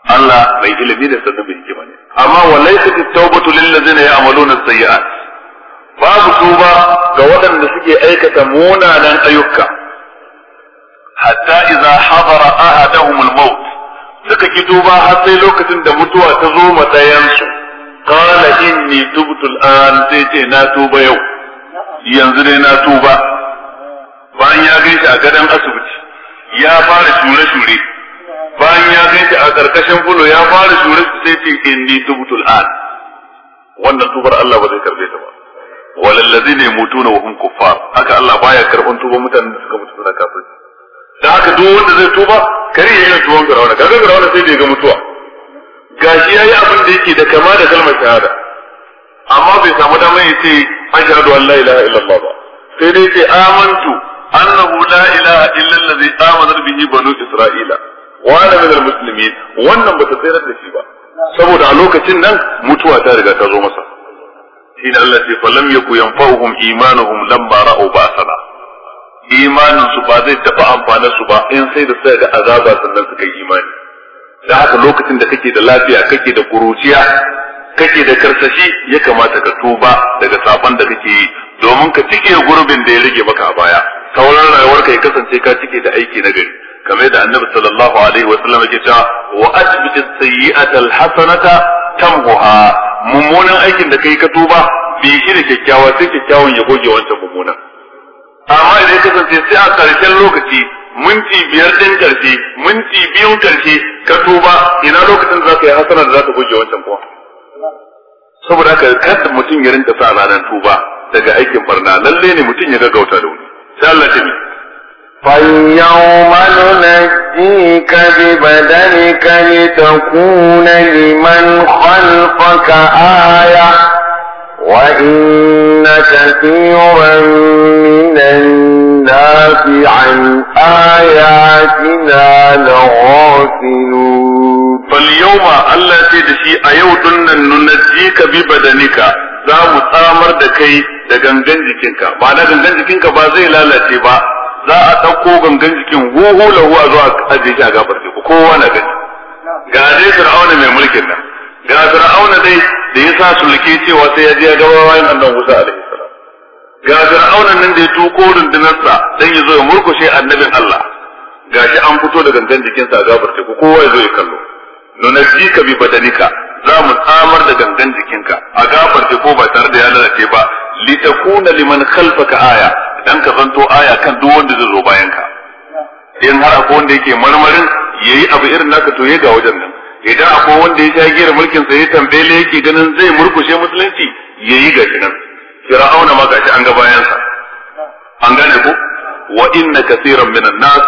B: Allah mai ilimi da sanin bai hikima ne amma walaysat at-tawbatu lil ladzina ya'maluna sayyiat babu tuba ga waɗanda suke aikata munanan ayyuka hatta idza hadara ahaduhum al-maut suka ki tuba har sai lokacin da mutuwa ta zo matsayansu qala inni tubtu al-an sai ce na tuba yau yanzu ne na tuba bayan ya gaishe a gadon asibiti ya fara shure-shure bayan ya kai ta a karkashin fulo ya fara shurin sai ce inni tubtul an wannan tubar Allah ba zai karbe ta ba walal ladina yamutuna wa hum kuffar haka Allah baya karban tuban mutanen da suka mutu suna kafirci
A: da haka duk wanda zai tuba
B: kare yayin tuban garawana kaga garawana sai da ga mutuwa gashi yayi abin da yake da kama da kalmar shahada amma bai samu damar ya ce ashhadu an la ilaha illallah ba sai dai ce amantu annahu la ilaha illa zai amanat bihi banu isra'ila wala musulmi min almuslimin wannan bata tsayar da shi ba saboda a lokacin nan mutuwa ta riga ta zo masa shine Allah ce lam yaku yanfa'uhum imanuhum lam ra'u ba'sana imanin su ba zai taɓa amfanin su ba in sai da sai da azaba sannan suka yi imani da haka lokacin da kake da lafiya kake da kuruciya kake da karsashi ya kamata ka tuba daga saban da kake yi domin ka cike gurbin da ya rage maka a baya sauran rayuwarka ya kasance ka cike da aiki na gari kamar da annabi sallallahu alaihi wa sallam yake cewa wa atbi sayyi'ata alhasanata tamhuha mummunan aikin da kai ka tuba bi shi da kyakkyawa sai kyakkyawan ya goge wancan mummunan amma idan ka kasance sai a karshen lokaci minti biyar din karshe minti biyun karshe ka tuba ina lokacin da zaka yi hasanar da zaka goge wancan kuma saboda haka kada mutum ya rinka sa ranar tuba daga aikin barna lalle ne mutum ya gaggauta da wuri sai Allah
A: ya
C: فاليوم ننجيك ببدنك لتكون لمن خلفك آية وإن كثيرا من الناس عن آياتنا
B: لغافلون فاليوم الله تدشي أيوتنا ننجيك ببدنك za mu samar da kai da gangan jikinka ba na gangan jikinka ba zai lalace ba za a ɗauko gangan jikin huhu lahu a zuwa ajiye shi a gabar teku kowa na gani ga dai fir'auna mai mulkin nan ga fir'auna dai da ya sa sulke cewa sai ya je ya gaba bayan annabi Musa alaihi salam ga fir'auna nan da ya tuko rundunarsa dan ya zo ya murkushe annabin Allah Ga shi an fito da gangan jikinsa a gabar teku kowa ya zo ya kallo nunajjika bi badanika za mu tsamar da gangan jikinka a gabar teku ba tare da ya lalace ba litakuna liman khalfaka aya dan ka zanto aya kan duk wanda zai zo bayan ka in har akwai wanda yake marmarin yayi abu irin naka to ya ga wajen nan idan akwai wanda ya sha giyar mulkin sa ya tambaye yake ganin zai murkushe musulunci yayi ga shi nan fir'auna ma gashi an ga bayan sa an gane ko wa inna kaseeran minan nas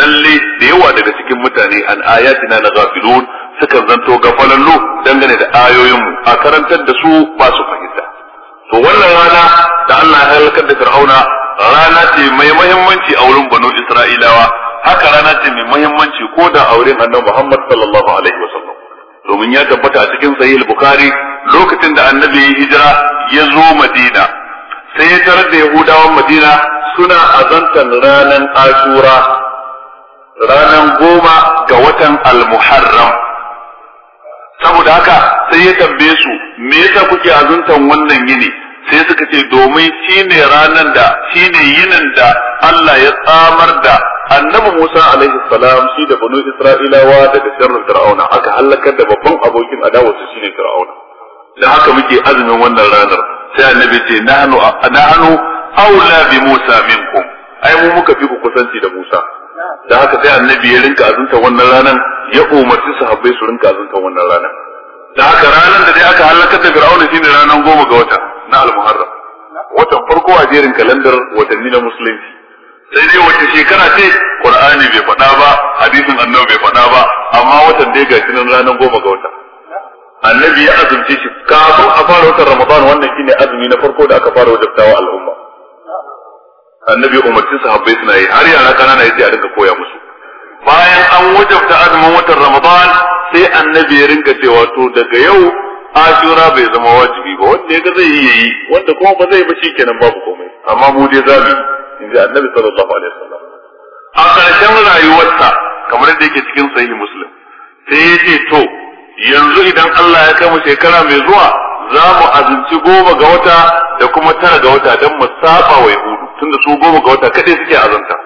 B: lalle da yawa daga cikin mutane an ayatina na ghafilun suka zanto gafalallu dangane da ayoyinmu a karantar da su ba su fahimta to wannan rana da Allah ya halakar da Fir'auna rana ce mai muhimmanci a wurin banu Isra'ilawa haka rana ce mai muhimmanci ko da a wurin Annabi Muhammad sallallahu alaihi wasallam domin ya tabbata a cikin sahih al-Bukhari lokacin da Annabi ya hijira ya zo Madina sai ya tarar da Yahudawan Madina suna azantan ranan Ashura ranan goma ga watan Al-Muharram saboda haka sai ya tambaye su me yasa kuke azantar wannan yini sai suka ce domin shine ranar da shine yinin da Allah ya tsamar da annabi Musa alaihi salam shi da banu Isra'ilawa daga sharrin Fir'auna aka halakar da babban abokin adawarsa shine Fir'auna da haka muke azumin wannan ranar sai annabi ce nahnu nahnu aula bi Musa minkum ai mu muka fi ku kusanci da Musa da haka sai annabi ya rinka azunta wannan ranar ya umarci sahabbai su rinka azunta wannan ranar da haka ranar da dai aka halakar da Fir'auna shine ranar goma ga wata na al-muharram watan farko a jerin kalandar watanni na musulunci sai dai wace shekara ce qur'ani bai faɗa ba hadisin annabi bai faɗa ba amma watan dai ga nan ranar goma ga wata annabi ya azumce shi kafin a fara watan ramadan wannan shine azumi na farko da aka fara wajabtawa al'umma annabi umarci sahabbai suna yi har yana kanana yace a rinka koya musu bayan an wajabta azumin watan ramadan sai annabi ya rinka cewa to daga yau ashura bai zama wajibi ba wanda ya zai iya yi wanda kuma ba zai ba shi kenan babu komai amma mu dai za mu in ji annabi sallallahu alaihi wasallam a ƙarshen rayuwarsa kamar da yake cikin sahihi muslim sai ya ce to yanzu idan Allah ya kai mu shekara mai zuwa za mu azunci goma ga wata da kuma tara ga wata don mu saba wa yahudu tunda su goma ga wata kadai suke azanta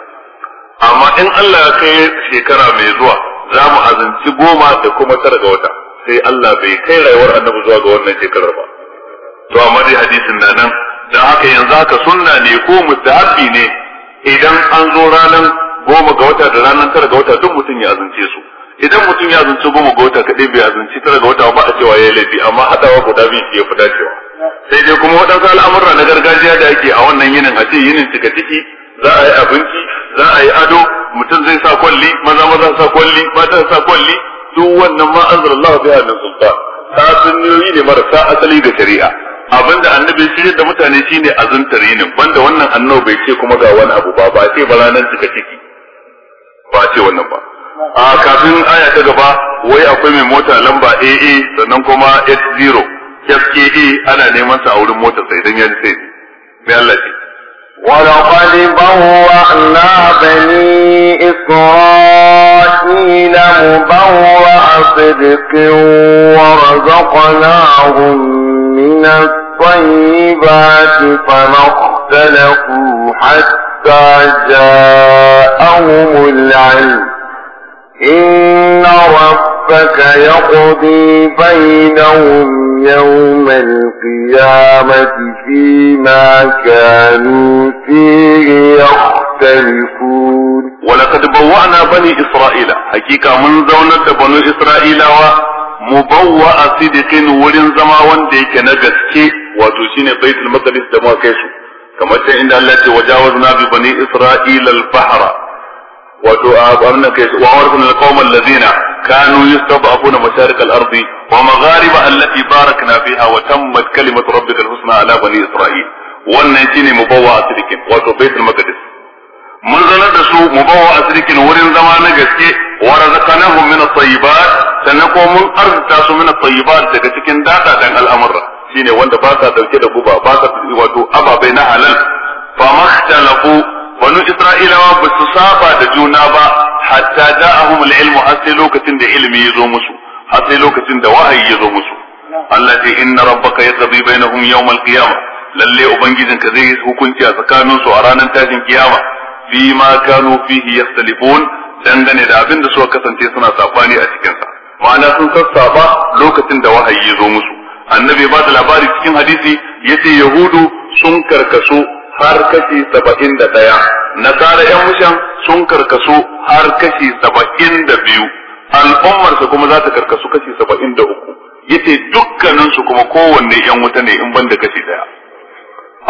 B: amma in Allah ya kai shekara mai zuwa za mu azunci goma da kuma tara ga wata sai Allah bai kai rayuwar annabi zuwa ga wannan shekarar ba to amma dai hadisin na nan da haka yanzu haka sunna ne ko mustahabi ne idan an zo ranar goma ga wata da ranar tara ga wata duk mutum ya azance su idan mutum ya azance goma ga wata kaɗai bai azance tara ga wata ba a cewa ya laifi amma haɗawa guda biyu ya fi dacewa sai dai kuma waɗansu al'amura na gargajiya da ake a wannan yinin a ce yinin cika ciki za a yi abinci za a yi ado mutum zai sa kwalli maza maza sa kwalli mata sa kwalli duk wannan ma anzalallahu biha min sultan tatsuniyoyi ne marasa asali da shari'a abinda annabi shirya da mutane shine azuntar yinin banda wannan annabi bai ce kuma ga wani abu ba ba ce ba cika ciki ba ce wannan ba a kafin aya ta gaba wai akwai mai mota lamba AA sannan kuma S0 FKA ana neman sa a wurin mota sai dan yan
C: sai mai Allah ce ولقد بوأنا بني إسرائيل مبوأ صدق ورزقناهم من الطيبات فما اختلفوا حتى جاءهم العلم إن ربهم ربك يقضي بينهم يوم القيامة
B: فيما كانوا فيه يختلفون ولقد بوأنا بني إسرائيل حقيقة من زونة بني إسرائيل ومبوأ صدق ولن زما وندي كنجسكي وتوشين بيت المقدس كيشو كما عند التي وجاوزنا ببني إسرائيل البحر wato a wannan kai wa warkun alqawm allazina kanu yastad'afuna masharik al-ard wa maghariba allati barakna fiha wa tammat kalimatu rabbika al-husna ala bani isra'il wannan shi shine mubawwa asrikin wato baitul maqdis
D: mun zanar da su a asrikin wurin zama na gaske
B: wa razaqnahum min at-tayyibat sannan ko mun arzuta su min at-tayyibat daga cikin dada dan al'amura shine wanda ba sa dauke da guba ba sa wato ababai na halal fa makhtalafu banu isra'ilawa ba su saba da juna ba hatta ja'ahum al-ilmu har sai lokacin da ilimi ya zo musu har sai lokacin da wahayi ya zo musu Allah ce inna rabbaka yaqdi bainahum yawm al-qiyamah lalle ubangijinka zai hukunci a tsakanin su a ranar tashin kiyama fi ma kanu fihi yahtalifun dangane da abin da suka kasance suna safani a cikin sa ma'ana sun sassaba lokacin da wahayi ya zo musu annabi ba da labari cikin hadisi yace yahudu sun karkasu har kashi saba'in da ɗaya nasara yan mushan sun karkasu har kashi saba'in da biyu al'ummarsa kuma za ta karkasu kashi saba'in da uku yace dukkaninsu kuma kowanne yan wuta ne in ban da kashi ɗaya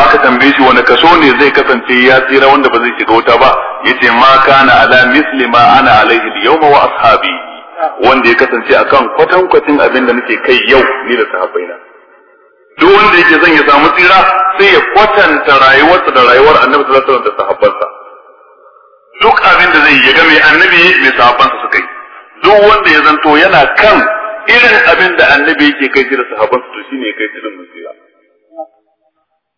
B: aka tambaye shi wani kaso ne zai kasance ya tsira wanda ba zai shiga wuta ba yace ma kana ala misli ma ana alaihi al-yawma wa ashabi wanda ya kasance akan kwatankwacin abin da nake kai yau ni da sahabbaina duk wanda yake zan ya samu tsira sai ya kwatanta rayuwarsa da rayuwar annabi sallallahu alaihi wasallam da sahabbansa duk abin da zai yi ya ga mai annabi mai sahabbansa suka yi duk wanda ya zanto yana kan irin abin da annabi yake kai shi da sahabbansa to shine kai shi da musira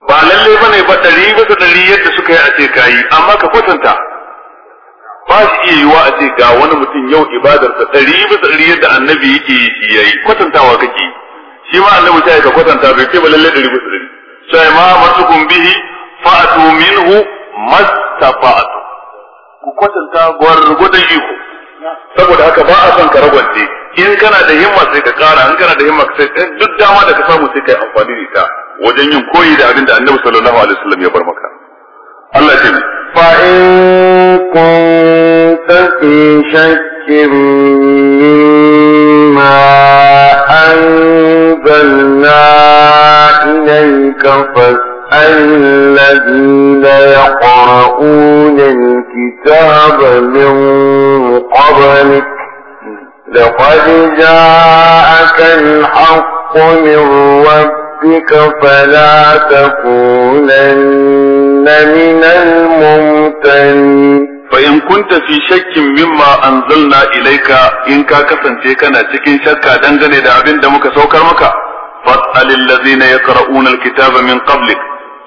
B: ba lalle bane ba dari bisa dari yadda suka yi a ce kayi amma ka kwatanta ba shi iya yiwa a ce ga wani mutum yau ibadarsa dari bisa dari yadda annabi yake yi yayi kwatantawa kake yi shi ma annabi sai ka kwatanta bai ce ba lalle ɗari bisa ɗari sai ma masukum bihi fa'atu minhu mastafa'atu ku kwatanta gwargwadon iko saboda haka ba a son ka ragwance in kana da himma sai ka kara in kana da himma sai eh, duk dama da ka samu sai kai amfani da ita wajen yin koyi da abin da annabi sallallahu alaihi wasallam ya bar maka Allah ya ce fa in kunta
C: fi shakk مما أنزلنا إليك فاسأل الذين يقرؤون الكتاب من قبلك لقد جاءك الحق من ربك فلا تكونن من
B: الممتنين fa in kunta fi shakkin mimma anzalna ilaika in ka kasance kana cikin shakka dangane da abin da muka saukar maka ya allazina yaqra'una alkitaba min qablik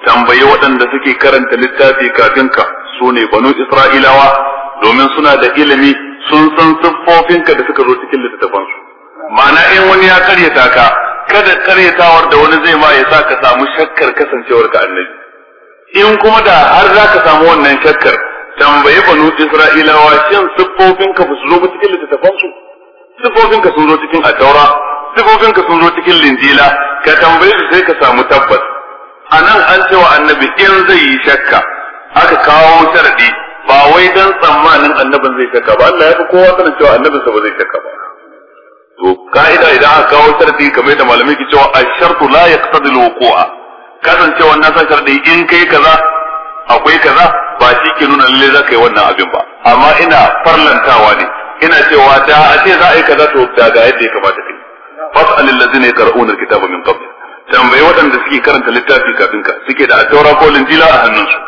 B: tambayi waɗanda suke karanta littafi kafin ka sune banu isra'ilawa domin suna da ilimi sun san siffofinka da suka zo cikin littafansu ma'ana in wani ya karyata ka kada karyatawar da wani zai ma ya ka samu shakkar kasancewar ka annabi in kuma da har za ka samu wannan shakkar tambayi banu isra'ilawa shin siffofin ka ba su zo cikin littattafan su siffofin ka sun zo cikin ataura siffofin ka sun zo cikin linjila ka tambayi su sai ka samu tabbas anan an cewa annabi in zai yi shakka aka kawo sharadi ba wai dan tsammanin annabin zai shakka ba Allah ya fi kowa sanin cewa annabinsa ba zai shakka ba to ka'ida idan aka kawo sharadi kamar da malamai ke cewa ash-shartu la yaqtadi al-wuqu'a kasancewa na sa sharadi in kai kaza akwai kaza ba shi ke nuna lalle za ka yi wannan abin ba amma ina farlantawa ne ina cewa da a ce za a yi kaza to da ga yadda ya kamata kai fas'alil ladzina yaqra'una alkitaba min qabl tambayi waɗanda suke karanta littafi kafin ka suke da taura ko linjila a hannunsu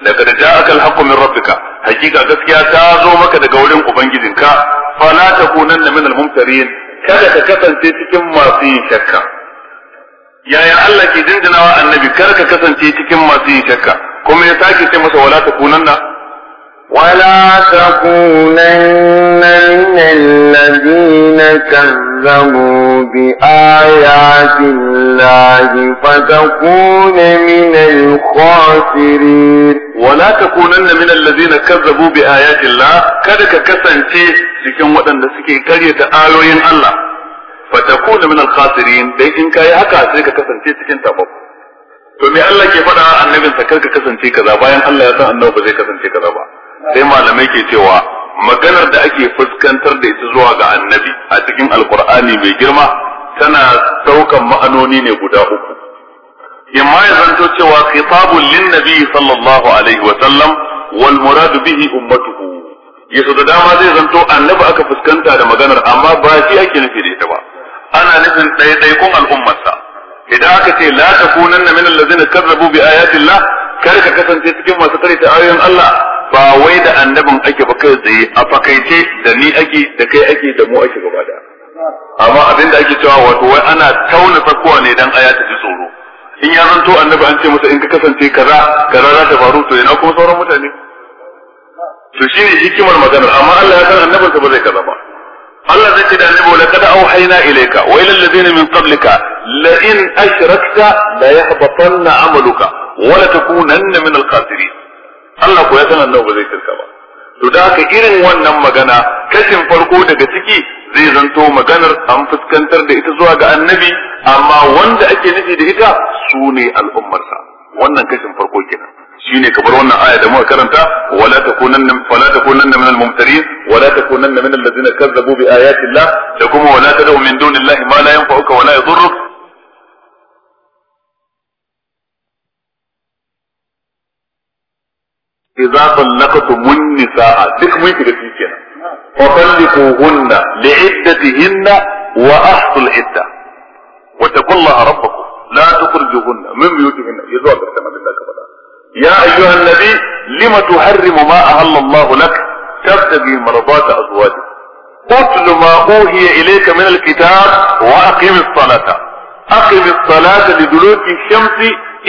B: Daga laqad ja'aka alhaqqu min rabbika hakika gaskiya ta zo maka daga wurin ubangijinka fala takunanna min almumtarin kada ka kasance cikin masu yin shakka yaya Allah ke jinjinawa annabi kar ka kasance
C: cikin masu yin shakka kuma ya sake ce masa wala takunanna ولا تكونن من الذين كذبوا بآيات الله فتكون من الخاسرين ولا تكونن من الذين كذبوا بآيات الله
B: كذلك كسنتي cikin waɗanda suke karyata ayoyin Allah fatakuna min al dai in kai haka sai ka kasance cikin to me Allah ke faɗa annabin sa karka kasance kaza bayan Allah ya san annabi ba zai kasance kaza ba sai malamai ke cewa maganar da ake fuskantar da ita zuwa ga annabi a cikin alkur'ani mai girma tana daukan ma'anoni ne guda uku imma ya zanto cewa khitabun lin nabi sallallahu alaihi wa sallam wal muradu bihi ummatuhu yaso da dama zai zanto annabi aka fuskanta da maganar amma ba shi ake nufi da ita ba ana nufin ɗaiɗaikun al'ummarsa idan aka ce la takunanna min allazina kazzabu bi ayatillah kar ka kasance cikin masu karanta ayoyin Allah ba wai da annabin ake ba kai tsaye a fakaice da ni ake da kai ake da mu ake gaba da amma abinda ake cewa wato wai ana tauna sakkowa ne dan aya ta ji tsoro in ya zanto annabi an ce masa in ka kasance kaza kaza za ta faru to ina kuma sauran mutane to shine hikimar maganar amma Allah ya san annabinsa ba zai kaza ba Allah zai ce da annabi laqad auhayna ilayka wa ila allazina min qablika la'in ashrakta la yahbatanna amaluka wa la takunanna min al Allah ko ya san annabi ba zai shirka ba to da haka irin wannan magana kashin farko daga ciki zai zanto maganar an fuskantar da ita zuwa ga annabi amma wanda ake nufi da ita su ne al'ummarsa wannan kashin farko kenan shine kamar wannan aya da muka karanta wala takunanna fala takunanna min al-mumtarin wala takunanna min alladhina kazzabu bi ayati llah da kuma wala tad'u min dunillahi ma la yanfa'uka wa la yadhurruk idza tallaqtumun nisaa duk mun shiga cikin kenan fa talliquhunna li'iddatihinna wa ahsul idda wa taqullaha rabbakum la tukhrijuhunna min buyutihinna yazo ka tana da ka fada ya ayyuhan nabi lima tuharrimu ma ahalla Allah lak tabtagi maradata azwajik قتل ما أوهي إليك من الكتاب وأقم الصلاة أقم الصلاة لدلوك الشمس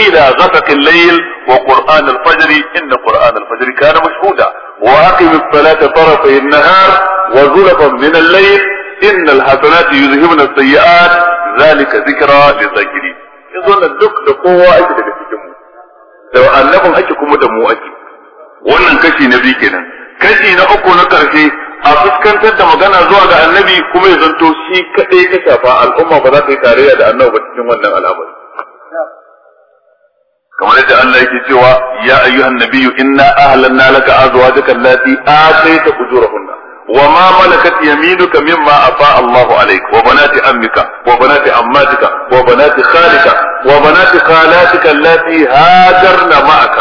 B: إلى غسق الليل وقرآن الفجر إن قرآن الفجر كان مشهودا وأقم الصلاة طرفي النهار وزلفا من الليل إن الحسنات يذهبن السيئات ذلك ذكرى للذاكرين yanzu wannan duk da kowa ake daga cikin da annabin kuma da mu wannan kashi na biyu kenan kashi na uku na karshe a fuskantar da magana zuwa ga annabi kuma ya zanto shi kadai ka shafa al'umma ba za ta yi tarayya da annabi ba cikin wannan al'amari kamar yadda Allah yake cewa ya ayyuhan nabiyyu inna ahlanna laka azwajaka allati ataita ujurahunna وما ملكت يمينك مما أفاء الله عليك وبنات أمك وبنات أماتك وبنات خالك وبنات خالاتك التي هاجرن معك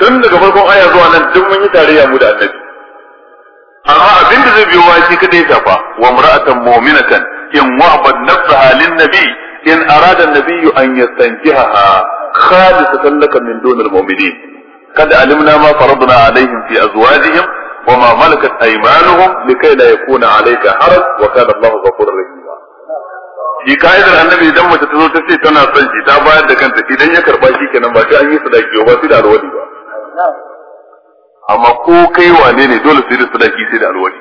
B: tun daga farkon aya zuwa nan duk mun yi tarayya mu da annabi amma abin da zai biyo wa shi kadai shafa wa mar'atan mu'minatan in wa'abat nafsaha lin nabi in arada an-nabiyyu an yastankihaha khalisatan laka min dunil mu'minin kada alimnama ma faradna alaihim fi azwajihim wa ma malakat aymanuhum likai la yakuna alayka haraj wa kana Allahu ghafurur rahim shi ka'idar annabi dan mace ta zo ta ce tana son shi ta bayar da kanta idan ya karba shi kenan ba an yi sadaki ba sai da alwali amma ko kai wane ne dole sai da sadaki sai da alwali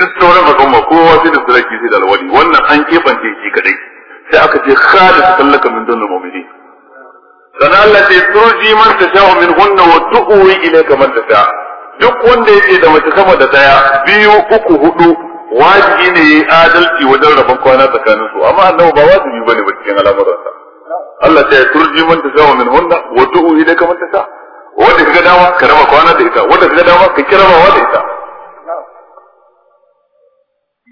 B: duk sauran ba kuma kowa sai da sadaki sai da alwali wannan an kebance shi kadai sai aka ce khalid sallaka min dunul mu'minin sana Allah ce turji man ta wa min hunna wa tu'wi ilayka man ta duk wanda yake da mace sama da daya biyu uku hudu wajibi ne yayi adalci wajen rabon kwana tsakanin su amma annabi ba wajibi bane ba cikin sa Allah ta turji man ta wa min hunna wa tu'wi ilayka man ta sha wanda kaga dama ka raba kwana da ita wanda kaga dama ka kirama da ita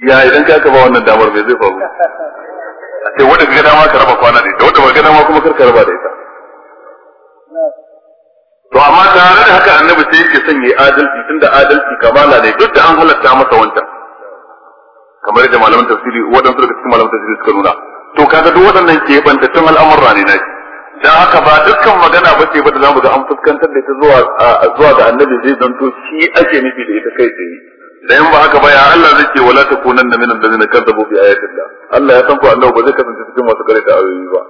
B: ya idan ka ba wannan damar bai zai faru a ce wanda kaga dama ka raba kwana da ita wanda kaga ga dama kuma kar ka raba da ita to amma tare da haka annabi sai yake son yayi adalci tunda adalci kamala ne duk da an halatta masa wancan kamar da malaman tafsiri waɗansu daga cikin malaman tafsiri suka nuna to kaga duk waɗannan ke tun al'amurra ne naki
C: dan haka ba dukkan
B: magana ba ce ba da zamu ga an fuskantar da ita zuwa zuwa ga annabi zai zanto shi ake nufi da ita kai tsaye da in ba haka ba ya Allah zai ce wala takunanna minal ladina kadzabu bi ayatillah Allah ya san ko annabi ba zai kasance cikin masu karanta ayoyi ba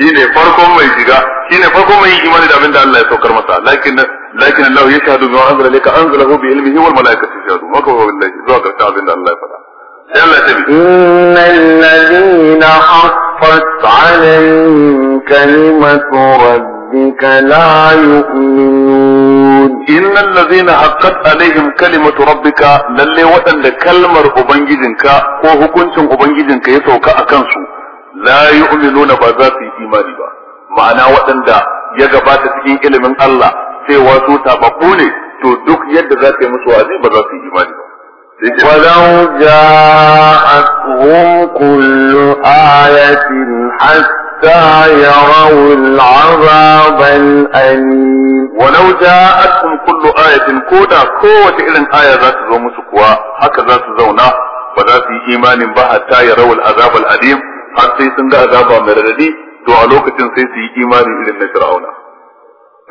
B: shine farkon mai shiga shine farkon mai imani da abin da Allah ya saukar masa lakin lakin Allah ya shahadu bi anzala laka anzalahu bi ilmihi wal malaikatu shahadu maka wa billahi zuwa ga abin da Allah ya faɗa
C: sai Allah ta bi innal ladina haqqat alayhim kalimatu rabbika la yu'minun innal ladina haqqat alayhim
B: kalimatu rabbika lalle wadanda kalmar ubangijinka ko hukuncin ubangijinka ya sauka akan su la yu'minuna ba za su yi imani ba ma'ana waɗanda ya gabata cikin ilimin Allah cewa su tababbu ne to duk yadda za ka yi musu wa'azi
C: za su yi imani ba ولو جاءتهم كل آية حتى يروا العذاب الأليم ولو جاءتهم كل آية كودا كوة إلى
A: آية ذات زوم سكوا هكذا تزونا وذات إيمان بها حتى يروا العذاب
B: الأليم har sai sun ga azaba mai radadi to a lokacin sai su yi imani irin na fir'auna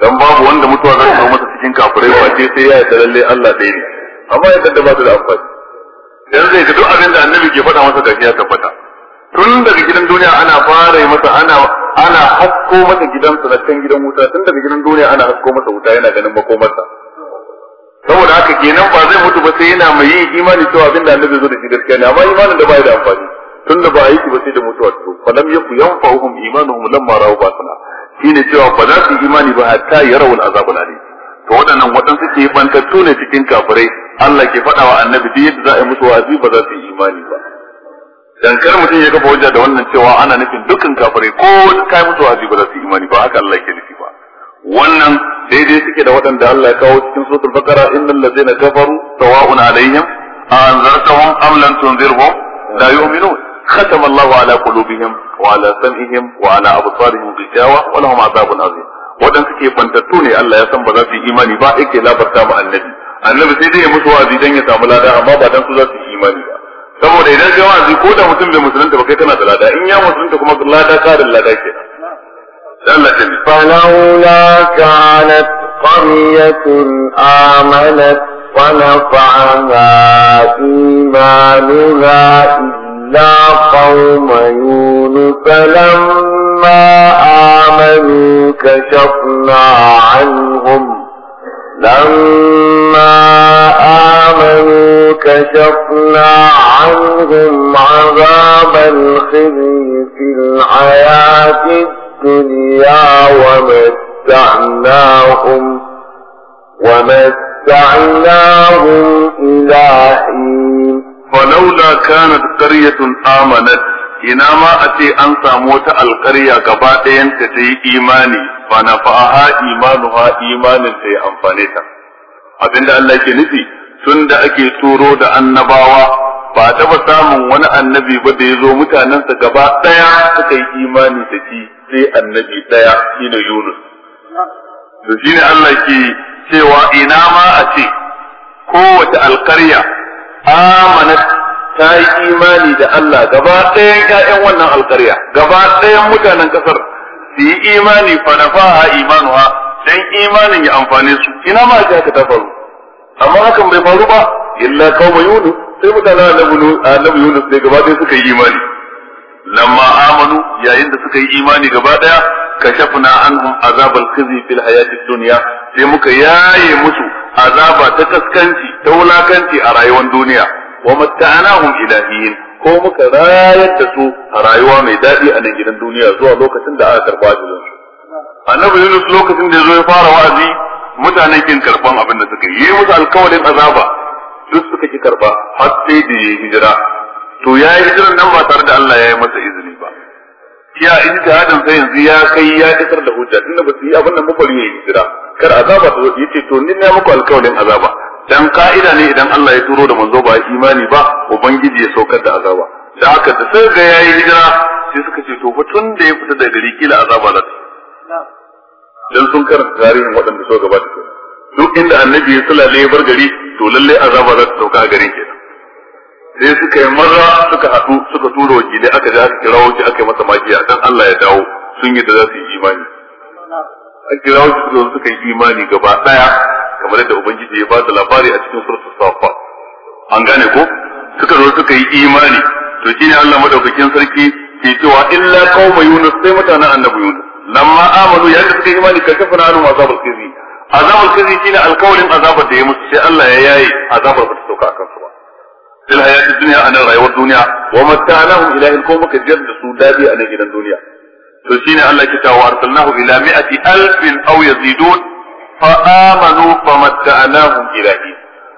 B: dan babu wanda mutuwa za ta masa cikin kafirai ba ce sai ya yi lalle Allah ɗaya ne amma yadda da ba da amfani dan zai ga duk abin da annabi ke faɗa masa gashi ya tabbata tun daga gidan duniya ana fara masa ana ana hasko masa gidansa na kan gidan wuta tun daga gidan duniya ana hasko masa wuta yana ganin makomarsa saboda haka kenan ba zai mutu ba sai yana mai yin imani cewa abin da annabi zo da shi gaskiya ne amma imanin da ya da amfani tunda ba a yi ki ba sai da mutuwa to falam yaku yanfa'uhum imanuhum lamma rawu basana shine cewa ba za su imani ba hatta yarawu al'azabul alim to waɗannan waɗansu suke bantattu ne cikin kafirai Allah ke faɗa wa annabi duk yadda za a yi musu wa'azi ba za su yi imani ba dan mutum ya kafa hujja da wannan cewa ana nufin dukkan kafirai ko kai musu wa'azi ba za su yi imani ba haka Allah ke nufi ba wannan daidai suke da waɗanda Allah ya kawo cikin suratul baqara innal ladzina kafaru sawa'un alaihim a anzartahum am lam tunzirhum la yu'minun ختم الله على قلوبهم وعلى سمعهم وعلى أبصارهم غشاوة ولهم عذاب عظيم ودن سكي فانتتوني الله يسمى ذات إيماني با إكي لا برتام النبي annabi sai dai ya musu wa'azi dan ya samu lada amma ba dan su za su yi imani ba saboda idan ga wa'azi ko da mutum bai musulunta ba
C: kai kana da lada in ya musulunta kuma lada karin lada ke Allah ta falaula kanat qaryatun amanat wa nafa'aha imanuha إلا قوم يونس لما آمنوا كشفنا عنهم لما آمنوا كشفنا عنهم عذاب الخزي في الحياة الدنيا ومتعناهم ومتعناهم إلى حين falaula kanat qaryatun amanat
B: ina ma a ce an samu wata alƙarya gaba ɗayanta ta yi imani fa na fa'aha imanuha imanin ta yi amfane ta abinda Allah ke nufi tun da ake turo da annabawa ba taba samun wani annabi ba da ya zo mutanensa gaba ɗaya suka yi imani da shi sai annabi ɗaya shine Yunus to ne Allah ke cewa ina ma a ce kowace alkarya amanat ta yi imani da Allah gaba ɗayan ƴaƴan wannan alƙarya gaba ɗayan mutanen kasar su yi imani fa a imanuha dan imanin ya amfane su ina ma ta ka ta faru amma hakan bai faru ba illa kawai yunus sai mutanen annabi yunus ne gaba ɗaya suka yi imani lamma amanu yayin da suka yi imani gaba daya kashafna anhum azabal khizi fil hayatid dunya sai muka yaye musu azaba ta kaskanci ta wulakanci a rayuwar duniya wa matta'anahum ilahiyin
D: ko muka rayar da
B: su a rayuwa mai daɗi a nan gidan duniya zuwa lokacin da aka karɓa su annabi Yunus lokacin da ya zo ya fara wa'azi mutane kin karɓan abin da suka yi musu alkawarin azaba duk suka ki karɓa har sai da ya hijira
C: to ya yi hijiran nan ba tare da Allah ya yi
B: masa izini ba ya ijtihadin sai yanzu ya kai ya isar da hujja tunda ba su yi abin da muka yi hijira kar azaba ta zo yace to ni na muku alƙawarin azaba dan ka'ida ne idan Allah ya turo da manzo ba imani ba ubangiji ya saukar da azaba da haka da sai ga yayi hijira sai suka ce to fa tun da ya fita da gari kila azaba za ta dan sun kar tarihin waɗanda suka gabata duk inda annabi ya sulale ya bar gari to lalle azaba za ta sauka a garin sai suka yi maza suka haɗu suka tura wakilai aka je aka kirawo shi aka yi masa magiya dan Allah ya dawo sun yi da za su yi imani a kirawo shi suka suka yi imani gaba daya kamar yadda ubangiji ya ba da labari a cikin suratul safa an gane ko suka zo suka yi imani to shine Allah madaukakin sarki ke cewa illa qauma yunus sai mutanen annabi yunus lamma amanu ya da suka imani ka kafa nanu azabul kizi azabul kizi shine alqawlin azabar da ya musu sai Allah ya yaye azabar ba ta sauka a kansu ba fil hayati dunya anan rayuwar duniya wa mata'nahum ilahin ko muka jiyar da su dadi a nan gidan duniya to shine Allah ke cewa arsalnahu ila mi'ati alfin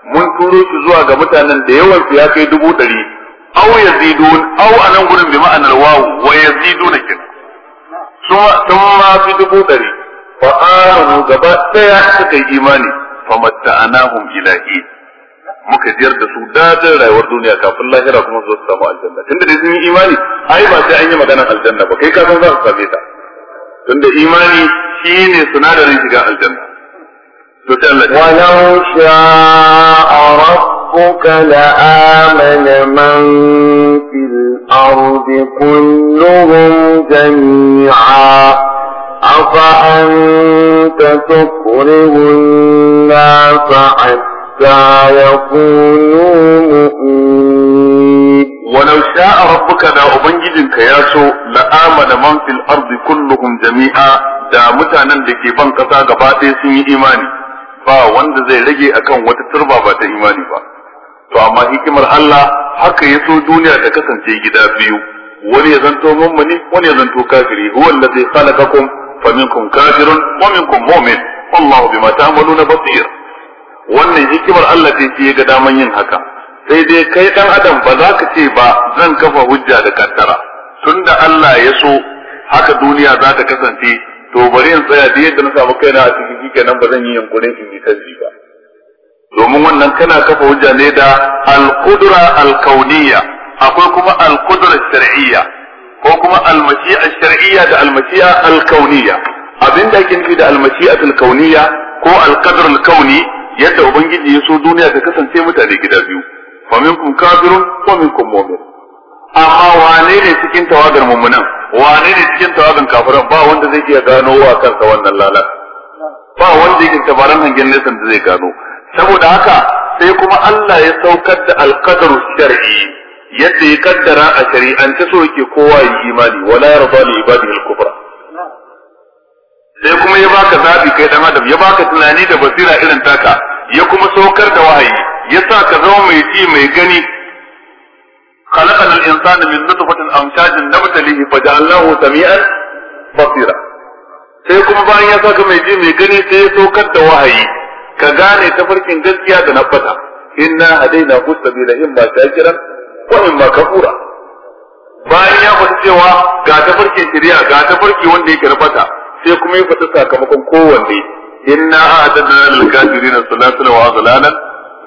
B: fa mun turo shi zuwa ga mutanen da yawan su ya kai dubu ɗari
A: aw au
B: a nan gudun bi ma'anar wawu wa yaziduna kin thumma fi dubu ɗari fa gaba daya suka yi imani fa mata'nahum ilahi muka jiyar da su dadin rayuwar duniya kafin lahira kuma su samu aljanna tunda da sun yi imani ai ba sai an yi maganar aljanna ba kai ka san za su same ta tunda imani shine sunadarin shiga aljanna
C: to sai Allah walau sha'a rabbuka la'amana man fil ardi kulluhum jami'a أفأنت تكره الناس حتى حتى يكونوا مؤمنين ولو شاء ربك لا
B: أبنجدك يا سوء لآمن من في الأرض كلهم جميعا da mutanen da ke ban kasa gaba ɗaya sun yi imani ba wanda zai rage akan wata turba ba ta imani ba to amma hikimar Allah haka ya so duniya ta kasance gida biyu wani ya zanto mummuni wani ya zanto kafiri huwa allazi khalaqakum kafirin, kafirun wa minkum mu'min wallahu bima ta'maluna basir wannan hikimar Allah ce ga daman yin haka sai dai kai dan adam ba za ka ce ba zan kafa hujja da kaddara tunda Allah ya so haka duniya za ta kasance to bari in tsaya da yadda na samu kaina a cikin nan ba zan yi yankurin in yi ba domin wannan kana kafa hujja ne da al-qudra al-kauniyya akwai kuma al-qudra shar'iyya ko kuma al-mashi'a shar'iyya da al-mashi'a al-kauniyya abinda ake da al-mashi'a al-kauniyya ko al-qadr al-kauni yadda ubangiji ya so duniya ta kasance mutane gida biyu fa minkum kafirun wa minkum mu'min amma wane ne cikin tawagar mummunan wane ne cikin tawagar kafiran ba wanda zai iya gano wa kansa wannan lala ba wanda yake tabaran hangen nesan da zai gano saboda haka sai kuma Allah ya saukar da alqadaru shar'i yadda ya kaddara a shari'ance so yake kowa yi imani wala yarda li ibadihi al sai kuma ya baka zabi kai dan adam ya baka tunani da basira irin taka ya kuma saukar da wahayi ya sa ka zama mai ji mai gani خلقنا الإنسان من نطفة أمشاج نبتليه فجعلناه سميعا basira sai kuma bayan ya saka mai ji mai gani sai ya saukar da wahayi ka gane ta farkin gaskiya da na fata inna hadaina kusabila in ba shakiran ko in ba kafura bayan ya faɗi cewa ga ta farkin shari'a ga ta farki wanda yake na
D: sai kuma ya faɗi sakamakon kowanne
B: inna a'tadna lil kafirina salasala wa azlalan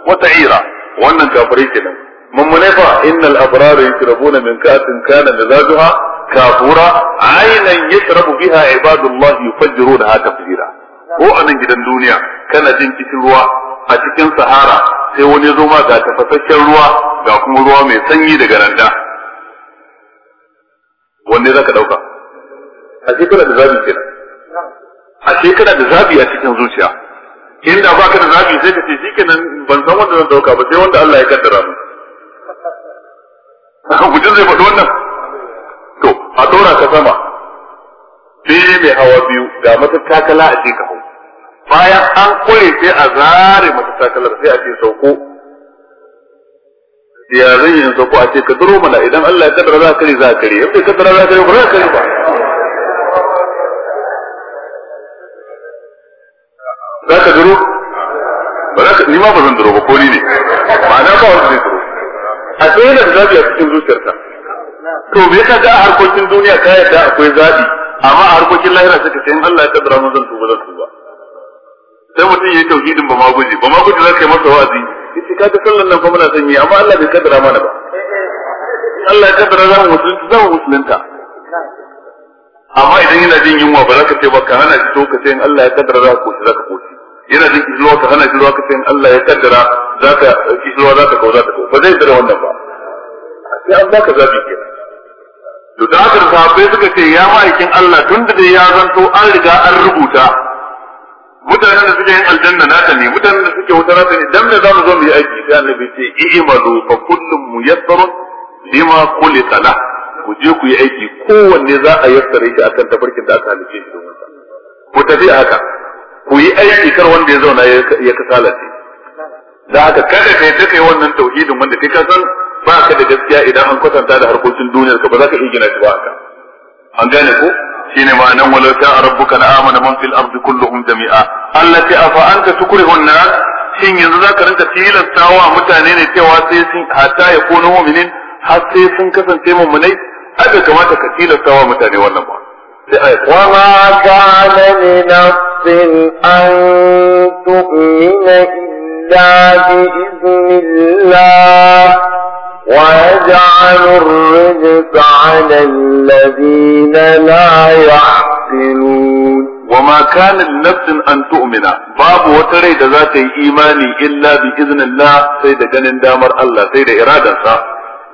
B: wa ta'ira wannan kafirai kenan mummune fa innal abrara yashrabuna min ka'sin kana mizajuha kafura aynan yashrabu biha ibadullah haka tafjira ko a nan gidan duniya kana jin cikin ruwa a cikin sahara sai wani zo ma ga tafasasshen ruwa ga kuma ruwa mai sanyi daga randa wanne zaka dauka a cikin da zabi kenan a ce kana da zabi a cikin zuciya inda ba ka da zabi sai ka ce kenan ban san wanda zan dauka ba sai wanda Allah ya kaddara mu mutum zai faɗi wannan to a ɗora ka sama fili mai hawa biyu ga matattakala a cikin hau bayan an kure sai a zare matattakalar sai a ce sauko ya zai yin sauko a ce ka duro mana idan Allah ya kaddara za ka kare za ka kare
A: in bai kaddara za ka kare ba za ka kare ba za ka duro ba za ka ni ma ba zan duro ba ko ni ne na ba wanda zai duro
C: a
B: tsaye da zabi a cikin zuciyarta. to me yasa a harkokin duniya ka yadda akwai zabi amma a harkokin lahira suka ce in Allah ya kaddara mun zan tuba zan tuba sai mutum yayi tauhidin ba ma guji ba ma guji za ka yi masa wa'azi yace ka ta sallan nan fa muna son yi amma Allah bai kaddara mana ba
A: Allah ya kaddara zan
B: musulunta zan musulunta amma idan yana jin yunwa ba za ka ce ba ka hana to ka ce in Allah ya kaddara za ka koshi za ka koshi yana jin kishirwa ka hana shi ruwa ka sayin Allah ya kaddara zaka kishirwa ka kawo za ka kawo ba zai tsira wannan ba sai an baka zaɓi kenan
C: to da haka sahabbai suka ce ya ma'aikin Allah tun da dai ya zanto an riga an rubuta
B: mutanen da suke yin aljanna na ta ne mutanen da suke wuta na ta ne dan da mu zo mu yi aiki sai annabi ce i'malu fa kullum muyassarun lima khuliqa la ku je ku yi aiki kowanne za a yassare shi akan tafarkin da aka halice shi ku tafi haka ku yi aiki kar wanda ya zauna ya ce. da aka kada kai ta kai wannan tauhidin wanda kai kasan ba ka da gaskiya idan an kwatanta da harkokin duniyar ka ba za ka iya gina shi ba haka an gane ko shine ma'anan walau ta rabbuka la amana man fil ardi kulluhum jami'a allati afa anta tukrihun nas shin yanzu za ka rinka tilastawa mutane ne cewa sai sun hatta ya kono mu'minin har sai sun kasance mu'minai ada kamata ka tilastawa mutane wannan ba sai ai wa
C: ma kana أن تؤمن إلا بإذن الله ويجعل الرجس على الذين لا يحسنون وما كان
B: لنفس أن تؤمن باب وتريد ذات إيمان إلا بإذن الله سيد جنن دامر الله سيد إرادة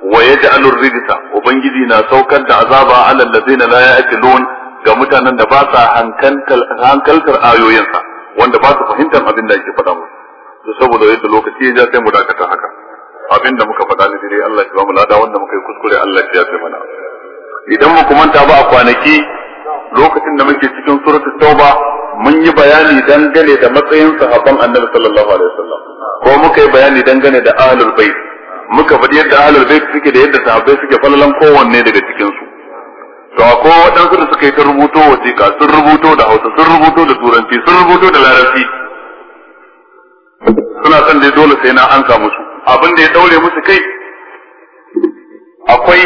B: ويجعل الرجس وبنجدنا سوكا عذابا على الذين لا يأكلون ga mutanen da ba sa hankaltar ayoyinsa wanda ba su fahimtar abin da yake faɗa musu to saboda yadda lokaci ya ja sai mu dakata haka abin da muka faɗa ne dai Allah ya ba mu lada wanda muka yi kuskure Allah ya yafe mana idan mu manta ba a kwanaki lokacin da muke cikin suratul tauba mun yi bayani dangane da matsayin sahabban annabi sallallahu alaihi wasallam ko muka yi bayani dangane da ahlul bait muka faɗi yadda ahlul bait suke da yadda sahabbai suke falalan kowanne daga cikin su to ko waɗansu da suka yi ta rubuto wasiƙa sun rubuto da hausa sun rubuto da turanci sun rubuto da larabci suna son dai dole sai na ansa musu abin da ya daure musu kai akwai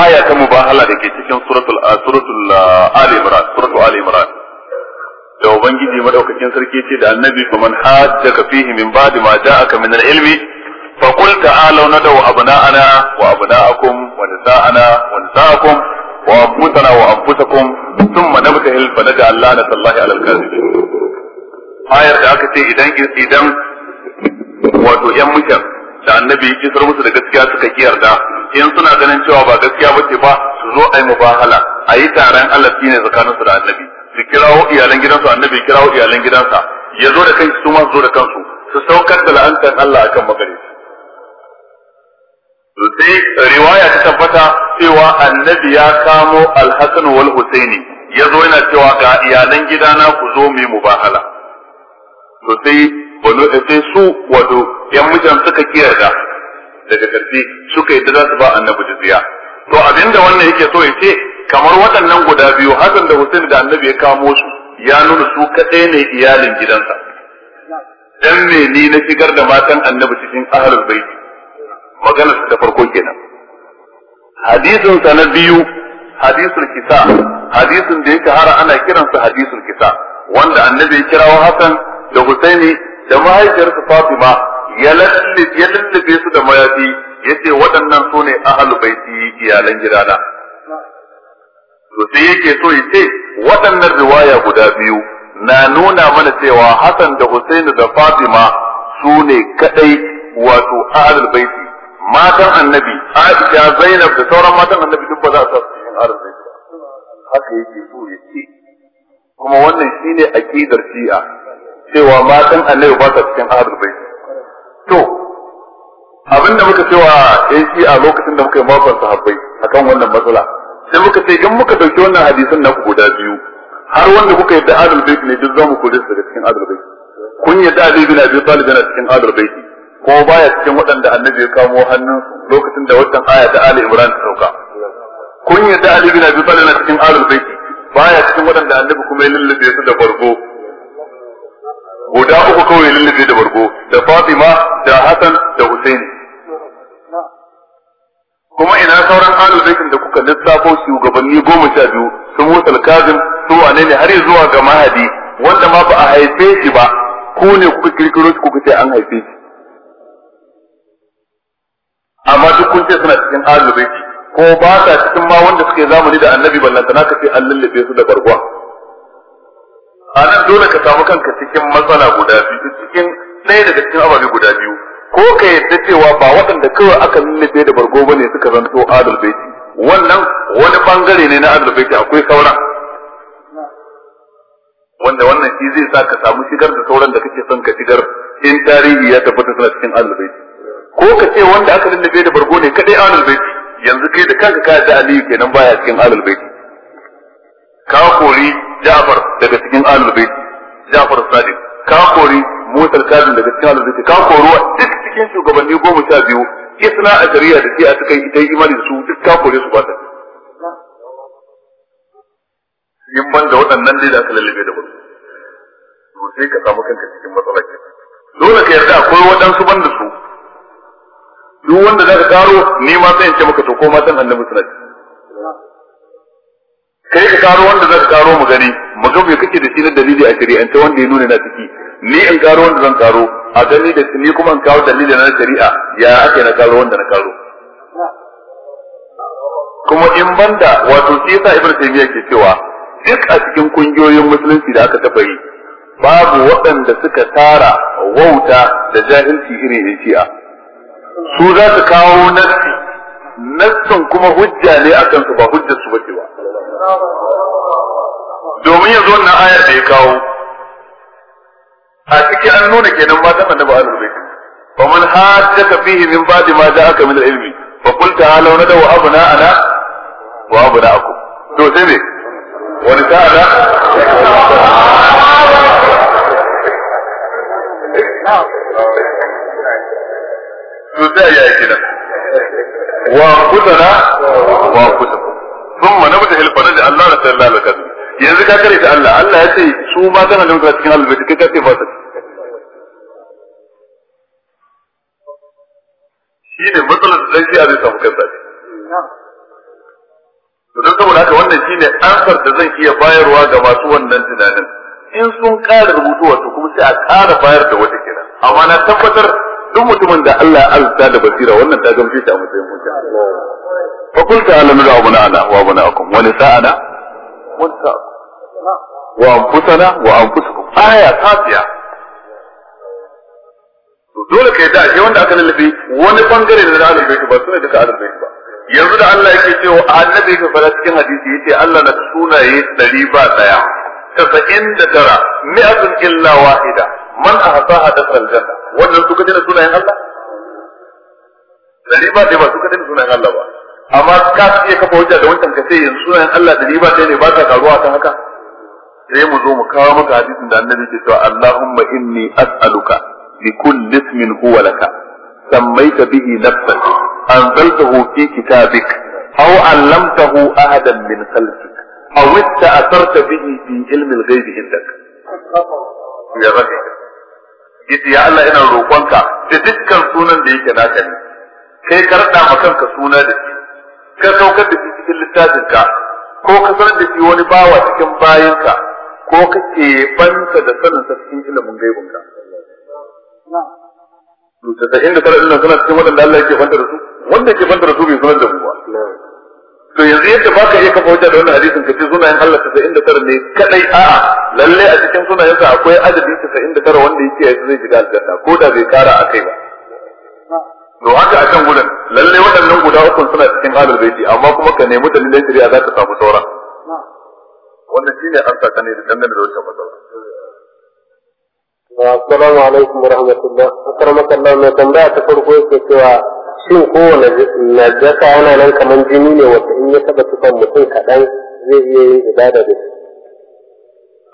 B: aya ta mubahala da ke cikin suratul suratul ali imran suratul ali imran da ubangiji madaukakin sarki ce da annabi fa man hajjaka fihi min ba'di ma ja'aka min al-ilmi fa qul ta'alu nadu abna'ana wa abna'akum wa nisa'ana wa nisa'akum وأنفسنا وأنفسكم ثم نبتهل فنجعل لعنة الله على الكاذبين ayar da aka ce idan idan wato yan mutan da annabi ya kisar musu da gaskiya suka yarda, in suna ganin cewa ba gaskiya bace ba su zo ayi mubahala ayi taron Allah ne tsakaninsu da annabi su kirawo iyalan gidansu annabi kirawo iyalan gidansa ya zo da kansu su ma zo da kansu su saukar da la'antar Allah akan magare sai riwaya ta tabbata cewa annabi ya kamo alhassan wal husaini ya zo yana cewa ga iyalan gidana ku zo mu yi mubahala to sai wani sai su wato yan mijin suka kiyarda daga karfi suka yadda za su ba annabi jizya to abinda wannan yake so ya ce kamar waɗannan guda biyu hasan da husaini da annabi ya kamo su ya nuna su kaɗai ne iyalin gidansa dan ne ni na shigar da matan annabi cikin ahlul baiti maganar da farko kenan hadisin sa na biyu hadisul kisa hadisin da yake har ana kiransa hadisul kisa wanda annabi ya kirawo Hassan da Husaini da mahaifiyarsa Fatima ya lallabe su da mayafi yace waɗannan su ne ahlul baiti iyalan gidana to sai yake so ya ce waɗannan riwaya guda biyu na nuna mana cewa Hassan da Husaini da Fatima su ne kadai wato ahlul baiti matan annabi Aisha Zainab da sauran matan annabi duk ba za a sa su cikin arzai ba haka yake so ya ce kuma wannan shine aqidar Shi'a cewa matan annabi ba sa cikin arzai to da muka cewa yan Shi'a lokacin da muka yi makon sahabbai akan wannan matsala sai muka ce Idan muka dauki wannan hadisin na guda biyu har wanda kuka yadda adal bait ne duk zamu kore su daga cikin adal bait kun yadda Ali bin Abi Talib yana cikin adal bait ko baya cikin waɗanda annabi ya kamo hannun lokacin da watan aya ta Ali Ibrahim ta sauka kun yadda Ali bin Abi Talib na cikin Ahlul baiti baya cikin waɗanda annabi kuma ya lullube su da bargo guda uku kawai lullube da bargo da Fatima da Hassan da Hussein. kuma ina sauran alu baitin da kuka lissafo shugabanni goma sha biyu sun wutar kazin su wane ne har zuwa ga mahadi wanda ma ba a haife shi ba ku ne kuka kirkiro shi kuka an haife shi amma duk kun ce suna cikin ahlul baiti ko ba sa cikin ma wanda suke zamani da annabi ballanta na ka an lullube su da barguwa a nan dole ka samu kanka cikin matsala guda biyu cikin ɗaya daga cikin ababe guda biyu ko ka yadda cewa ba waɗanda kawai aka lullube da bargo ba ne suka zanto ahlul baiti wannan wani bangare ne na ahlul baiti akwai sauran wanda wannan shi zai sa ka samu shigar da sauran da kake son ka shigar in tarihi ya tabbata suna cikin ahlul baiti ko ka ce wanda aka lullube da bargo ne kadai alul baiti yanzu kai da kanka ka da aliyu kenan baya cikin alul baiti ka kori Ja'far daga cikin alul baiti Ja'far Sadiq ka kori Musa Kazim daga cikin alul baiti ka kori duk cikin shugabanni goma sha biyu isna a shari'a da sai a cikin ita imani su duk ka kori su ba ta in ban da waɗannan dai da aka lullube da bargo to sai ka samu kanka cikin matsala ke dole ka yarda akwai waɗansu ban da su duk wanda zaka karo ni ma sai in ce maka to ko san annabi suna ci kai ka karo wanda zaka karo mu gani mu ga me kake da shi na dalili a shari'ance wanda ya nuna na ciki ni in karo wanda zan karo a gani da ni kuma in kawo dalilin na shari'a ya ake na karo wanda na karo kuma in banda wato shi yasa ibnu taymiya ke cewa duk a cikin kungiyoyin musulunci da aka taɓa babu waɗanda suka tara wauta da jahilci irin shi'a su za su kawo nassi nassin kuma hujja ne a su ba hujjar su bace ba domin yanzu wannan ayar da ya kawo a ciki an nuna kenan ba matan annabi ahlul bait fa man hajjaka fihi min ba'di ma ja'aka min al-ilmi fa qul wa abna ana, wa abna'akum to sai ne
A: wani ta'ala Now. to da ya yi nan wa kutana wa
B: kutaku sun ma nabta hilfana da Allah na sallallahu alaihi wasallam yanzu ka kare ta Allah Allah ya ce su ma kana da cikin albaiti kai ka ce fasik
A: shi ne matsalar da
B: zai a zai samu kansa to don saboda haka wannan shine ansar da zan iya bayarwa ga masu wannan tunanin in sun ƙara rubutu wato kuma sai a ƙara bayar da wata kenan amma na tabbatar duk mutumin da Allah ya azza da basira wannan ta gamshe shi a matsayin mutum fa kul ta'ala nu rabbuna ana wa bunakum wa nisa'ana wa wa anfusana wa anfusukum aya safiya to dole kai da shi wanda aka lallabe wani bangare da Allah bai ba sune duka Allah bai ba yanzu da Allah yake cewa annabi ka fara cikin hadisi yace Allah na sunaye 100 ba daya 99 mi'atun illa wahida man a hasa a dasar aljanna wannan suka dina sunayen Allah dari ba dai ba suka dina sunayen Allah ba amma ka iya kafa hujja da wancan ka ce yanzu sunayen Allah da ba dai ne ba ta karuwa ta haka sai mu zo mu kawo maka hadisin da annabi ke cewa Allahumma inni as'aluka bi kulli ismin huwa laka sammaita bihi nafsan anzaltahu fi kitabik aw 'allamtahu ahadan min khalqik aw ista'tharta bihi fi ilmi al ghaybi indak
A: ya rabbi yace ya Allah ina roƙonka da dukkan sunan
B: da yake naka ne kai ka rada ma kanka suna da shi ka saukar da shi cikin littafinka ko ka sanar da shi wani bawa cikin bayinka ko ka banta da saninsa cikin ilimin gaibinka. to da inda kana ilimin suna cikin waɗanda Allah yake keɓanta da su, wanda yake keɓanta da su bai sanar da mu ba. to yanzu yadda ba ka iya kafa hujja da wannan hadisin ka ce sunayen Allah tasa'in da tara ne kadai a'a lalle a cikin sunayen sa akwai adadi tasa'in da tara wanda yake yanzu zai shiga aljanna ko da bai kara a kai ba to haka akan gudan lalle waɗannan guda uku suna cikin alal baiti amma kuma ka nemi dalilan shari'a za ka samu saura wannan shine an sa ne da dangane da wannan matsala
D: Assalamu alaikum wa rahmatullah. Akramaka Allah mai tambaya ta farko yake cewa shin kowane najasa yana nan kamar jini ne wata in ya taba tufan mutum kaɗan zai iya yin ibada da shi.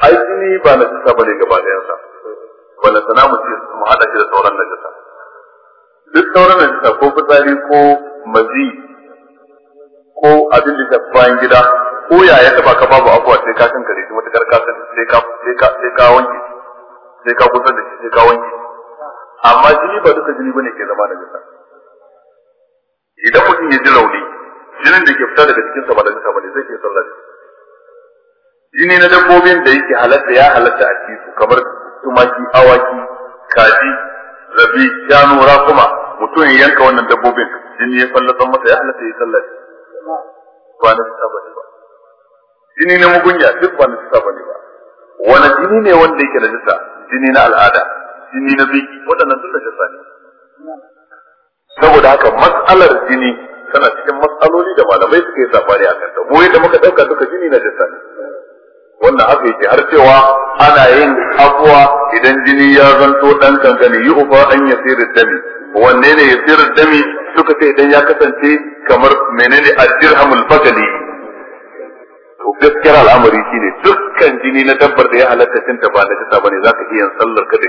B: Ai jini ba na jisa ne gaba ɗayansa. Wanda sana mu ce mu haɗa shi da sauran najasa. Duk sauran najasa ko fitsari ko mazi ko abin da bayan gida ko ya ya taba ka babu abuwa sai ka kan kare shi matuƙar ka sai ka sai ka wanke sai ka kusa da shi sai ka wanke. Amma jini ba duka jini bane ke zama najasa. idan mutum ya ji rauni jinin da ke fita daga cikin sa ba da ba ne zai ke sallah da jini na dabbobin da yake halatta ya halatta a cikin su kamar tumaki awaki kaji rabi shanu rakuma mutum ya yanka wannan dabbobin jini ya fallasan masa ya halatta ya sallah ba na fita ba ne ba jini na mugunya duk ba na fita ba ne ba
A: wani jini ne
B: wanda yake jisa jini na al'ada jini na biki waɗannan duk najisa ne saboda haka matsalar jini tana cikin matsaloli da malamai suke safari a kanta mu yadda muka dauka duka jini na jasa wannan haka yake har cewa ana yin afuwa idan jini ya zanto dan kankani yi ufa an ya yasiri dami wanne ne ya yasiri dami suka ce idan ya kasance kamar menene ajirhamul bakali gaskiyar al'amari shine dukkan jini na dabbar da ya halatta cinta ba ba ne, bane zaka iya sallar ka da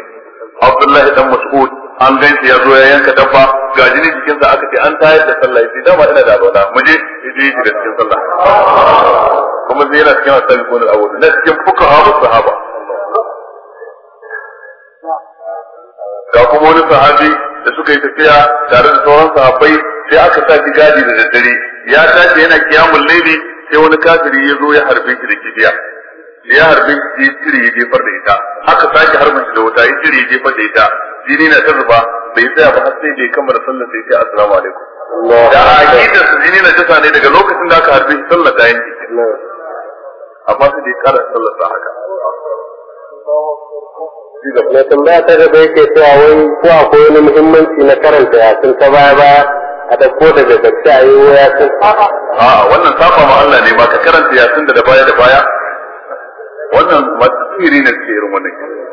B: Abdullahi dan Mas'ud an gaisa ya zo ya yanka dabba ga jini jikinsa aka ce an tayar da sallah yace dama ina da alwala mu je yaje shi da cikin sallah kuma zai yana cikin asabi ko abu na cikin fuqaha da sahaba ga kuma wani sahabi da suka yi tafiya tare da sauran sahabbai sai aka sa gadi da daddare ya tashi yana kiyamul laili sai wani kafiri ya zo ya harbe shi da kibiya ya harbe shi cire ya jefar da ita aka sake harbin shi da wuta ya cire ya jefar da ita jini na ta zuba bai tsaya ba har sai bai kammala sallar sai ita, assalamu alaikum da aqidar su jini na jasa ne daga lokacin da aka harbe sallar da yanki amma sai dai ya kara sallar sa haka
D: na tambaya ta gaba yake cewa wai ko akwai wani muhimmanci na karanta yasin ta baya baya a dauko daga gaske a yi yasin. A'a wannan safa
B: ma Allah ne ba ka karanta yasin da baya da baya wannan masu sihiri ne suke irin wannan kirki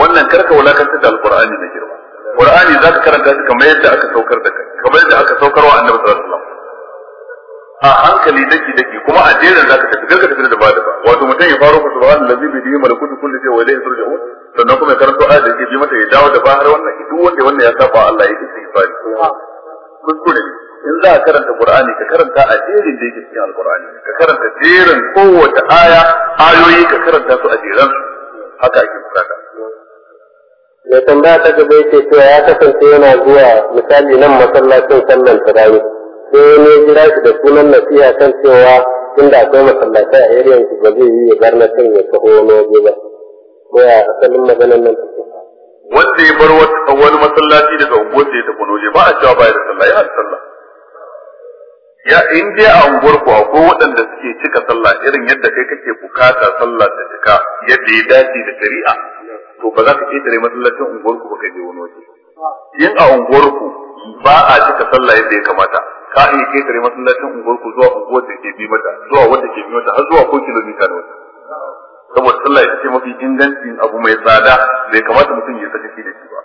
B: wannan karka wulakantar da alqur'ani na girma qur'ani zaka karanta shi kamar yadda aka saukar da kai kamar yadda aka saukar wa annabi sallallahu alaihi a hankali daki daki kuma a jerin zaka tafi karka tafi da ba ba wato mutum ya faro ku subhanallazi bi yadihi malakutu kulli shay'in wa ilayhi turja'un sannan kuma ya karanto ayat da ke bi mata ya dawo da ba har wannan duk wanda wannan ya saba Allah ya istighfar kuskure ne in za a karanta Qur'ani ka karanta a jerin da yake cikin Al-Qur'ani ka karanta jerin kowace aya ayoyi ka karanta su a jeran
D: haka ake bukata mai tambaya ta gaba yake cewa ya kasance yana zuwa misali nan masallacin sallan tarawih sai ne jira shi da sunan nasiha kan cewa tunda akwai masallatai a irin su ba zai yi ya bar na kan ya taho wani waje ba ko ya asalin maganar nan
B: wanda ya bar wani masallaci daga unguwar da ya tafi waje ba a cewa ba ya da sallah ya da sallah ya in dai a unguwar ku akwai waɗanda suke cika sallah irin yadda kai kake bukata sallah ta cika yadda ya dace da shari'a to ba za ka ketare masallacin unguwar ku ba je wani waje in a unguwar ku ba a cika sallah yadda ya kamata ka iya ketare masallacin unguwar ku zuwa unguwar da ke bi mata zuwa wanda ke bi mata har zuwa ko kilomita ne wata saboda sallah ita ce mafi ingancin abu mai tsada bai kamata mutum ya shi da shi ba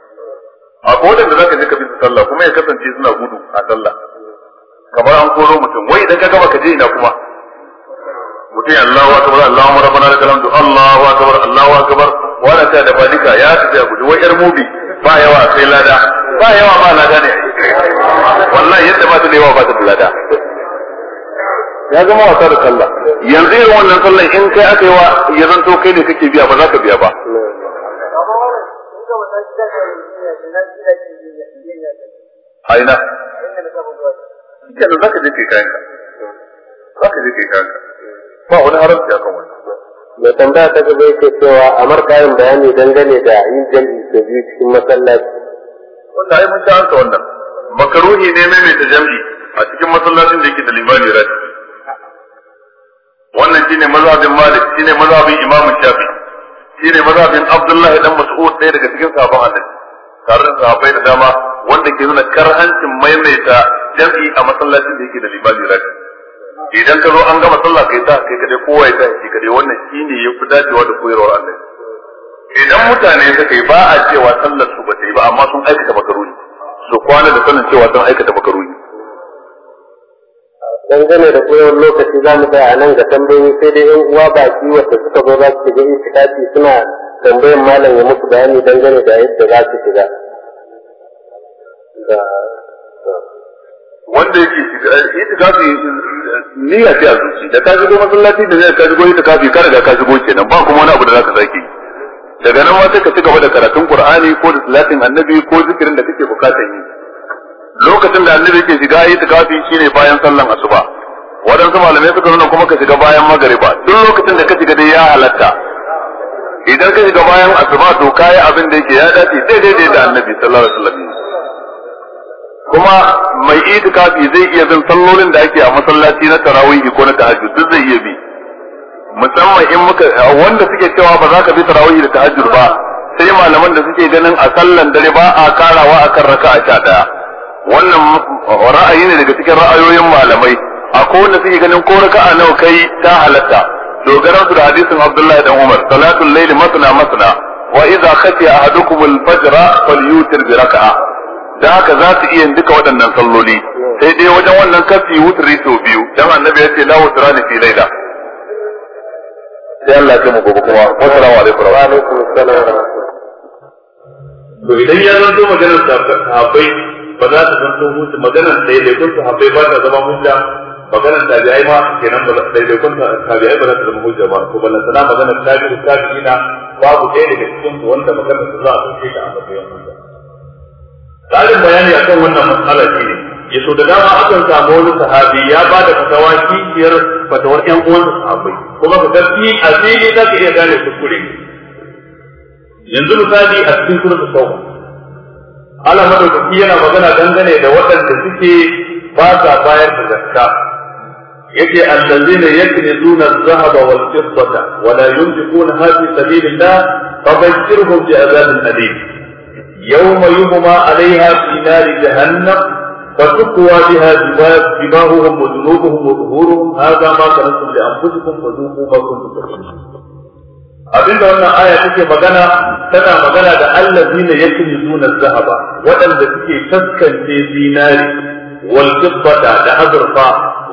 B: akwai waɗanda za ka je ka bi su sallah kuma ya kasance suna gudu a sallah kamar an koro mutum wai idan ka gama ka je ina kuma mutum Allahu akbar Allahu rabbana lakal hamdu Allahu akbar Allahu akbar wala ta da fadika ya tafi a guji wai yar mubi ba yawa sai lada ba yawa ba lada ne wallahi yadda ba ta da yawa ba ta da lada
C: ya zama
D: wasa da sallah
C: yanzu irin wannan sallah in kai aka yi
D: wa ya zanto kai ne kake biya ba za ka biya ba A ina. ke da zaka je kai kayan ka zaka je kai kayan ka ba wani haramci akan wannan mai tambaya ta gaba yake cewa a markayin bayani dangane da yin jam'i ke biyu cikin masallaci wanda ai mun
B: ta anka wannan makaruhi ne mai mai ta jam'i a cikin masallacin da yake da limani rashi wannan shine mazhabin malik shine mazhabin imamu shafi shine mazhabin abdullahi dan mas'ud ɗaya daga cikin sahabban annabi tare da sahabbai da dama wanda ke nuna karhancin maimaita jam'i a masallacin da yake da limami rafi idan ka zo an gama sallah kai ta kai kadai kowa ya ta shi kadai wannan shine ya fi dacewa da koyarwar Allah idan mutane suka yi ba a cewa sallar su ba yi ba amma sun aikata makaruni su kwana da sanin cewa sun aikata makaruni
D: dangane da koyarwar lokaci za mu tsaya a nan ga tambayoyi sai dai yan uwa baki wanda suka zo za su shiga itikafi suna tambayan malam ya musu bayani dangane da yadda za su shiga
A: wanda yake itikafi
B: niyya ce a zuci da ka shigo masallaci da zai ka shigo kafi ka riga ka shigo kenan ba kuma wani abu da zaka sake daga nan ma sai ka ci gaba da karatun qur'ani ko da salatin annabi ko zikirin da kake bukatar yi lokacin da annabi yake shiga kafi shine bayan sallan asuba waɗansu malamai suka nuna kuma ka shiga bayan magariba duk lokacin da ka shiga dai ya halatta idan ka shiga bayan asuba to kayi abin da yake ya dace daidai da annabi sallallahu alaihi wasallam kuma mai itikafi zai iya bin sallolin da ake a masallaci na tarawih ko na tahajjud duk zai iya bi musamman in muka wanda suke cewa ba za ka bi tarawih da tahajjud ba sai malaman da suke ganin a sallan dare ba a karawa akan raka'a sha daya wannan ra'ayi ne daga cikin ra'ayoyin malamai akwai wanda suke ganin ko raka'a nawa kai ta halatta dogaran su da hadisin Abdullahi dan Umar salatul layli masna masna wa idza khafiya ahadukum al-fajr falyutir bi raka'a da haka za su iya duka waɗannan salloli sai dai wajen wannan kafi wutri sau biyu dan annabi ya ce la wutra ni fi laila sai Allah ya mu gobe kuma assalamu alaikum wa alaikum assalam to idan ya zanto maganar sahabbai ba za ta zanto mutu maganar sai dai kun sahabbai ba ta zama hujja maganar tabi'ai ma kenan ba sai dai kun tabi'ai ba za su zama hujja ba to ballan sana maganar tabi'u tabi'ina babu ɗaya daga cikin wanda maganar za a sauke ta a matsayin hujja Tsarin bayani akan wannan matsala shi ne, yaso da dama akan samu wani sahabi ya ba da fatawa kishiyar fatawar ‘yan uwan sahabai, kuma ka gaski a fili za ka iya gane kuskure. Yanzu misali a cikin su sau. Allah madaukaki yana magana dangane da waɗanda suke ba sa bayar da zakka. Yake allazina yaknizuna adh-dhahaba wal-fiddata wa la yunfiqunaha fi sabilillah fabashshirhum bi'adhabin alim. يوم يهما عليها في نار جهنم فتقوى بها جباههم وجنوبهم وظهورهم هذا ما كنتم لأنفسكم فذوقوا ما كنتم تكسبون abinda wannan aya take magana tana magana da allazina yaknizuna zahaba waɗanda suke taskance zinari wal fiddata da azurfa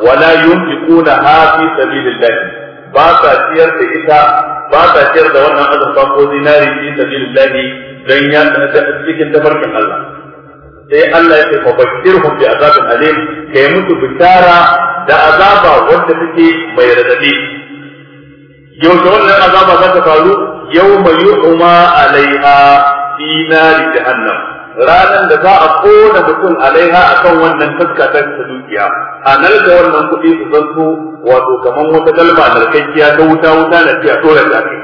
B: wala yunfiquna ha fi sabilillah ba sa ciyar da ita ba sa ciyar da wannan azurfa ko zinari fi sabilillah dan ya tsana ta cikin tabarkin Allah sai Allah ya ce fa bashirhum bi azabin alim kai musu bishara da azaba wanda take mai radadi yau da wannan azaba za ta faru yau mai yu'ma alaiha fi nari jahannam ranan da za a kona mutum alaiha akan wannan taska ta dukiya a nan da wannan kuɗi su zanto wato kaman wata galma narkakkiya ta wuta wuta na fiya tsoron da kai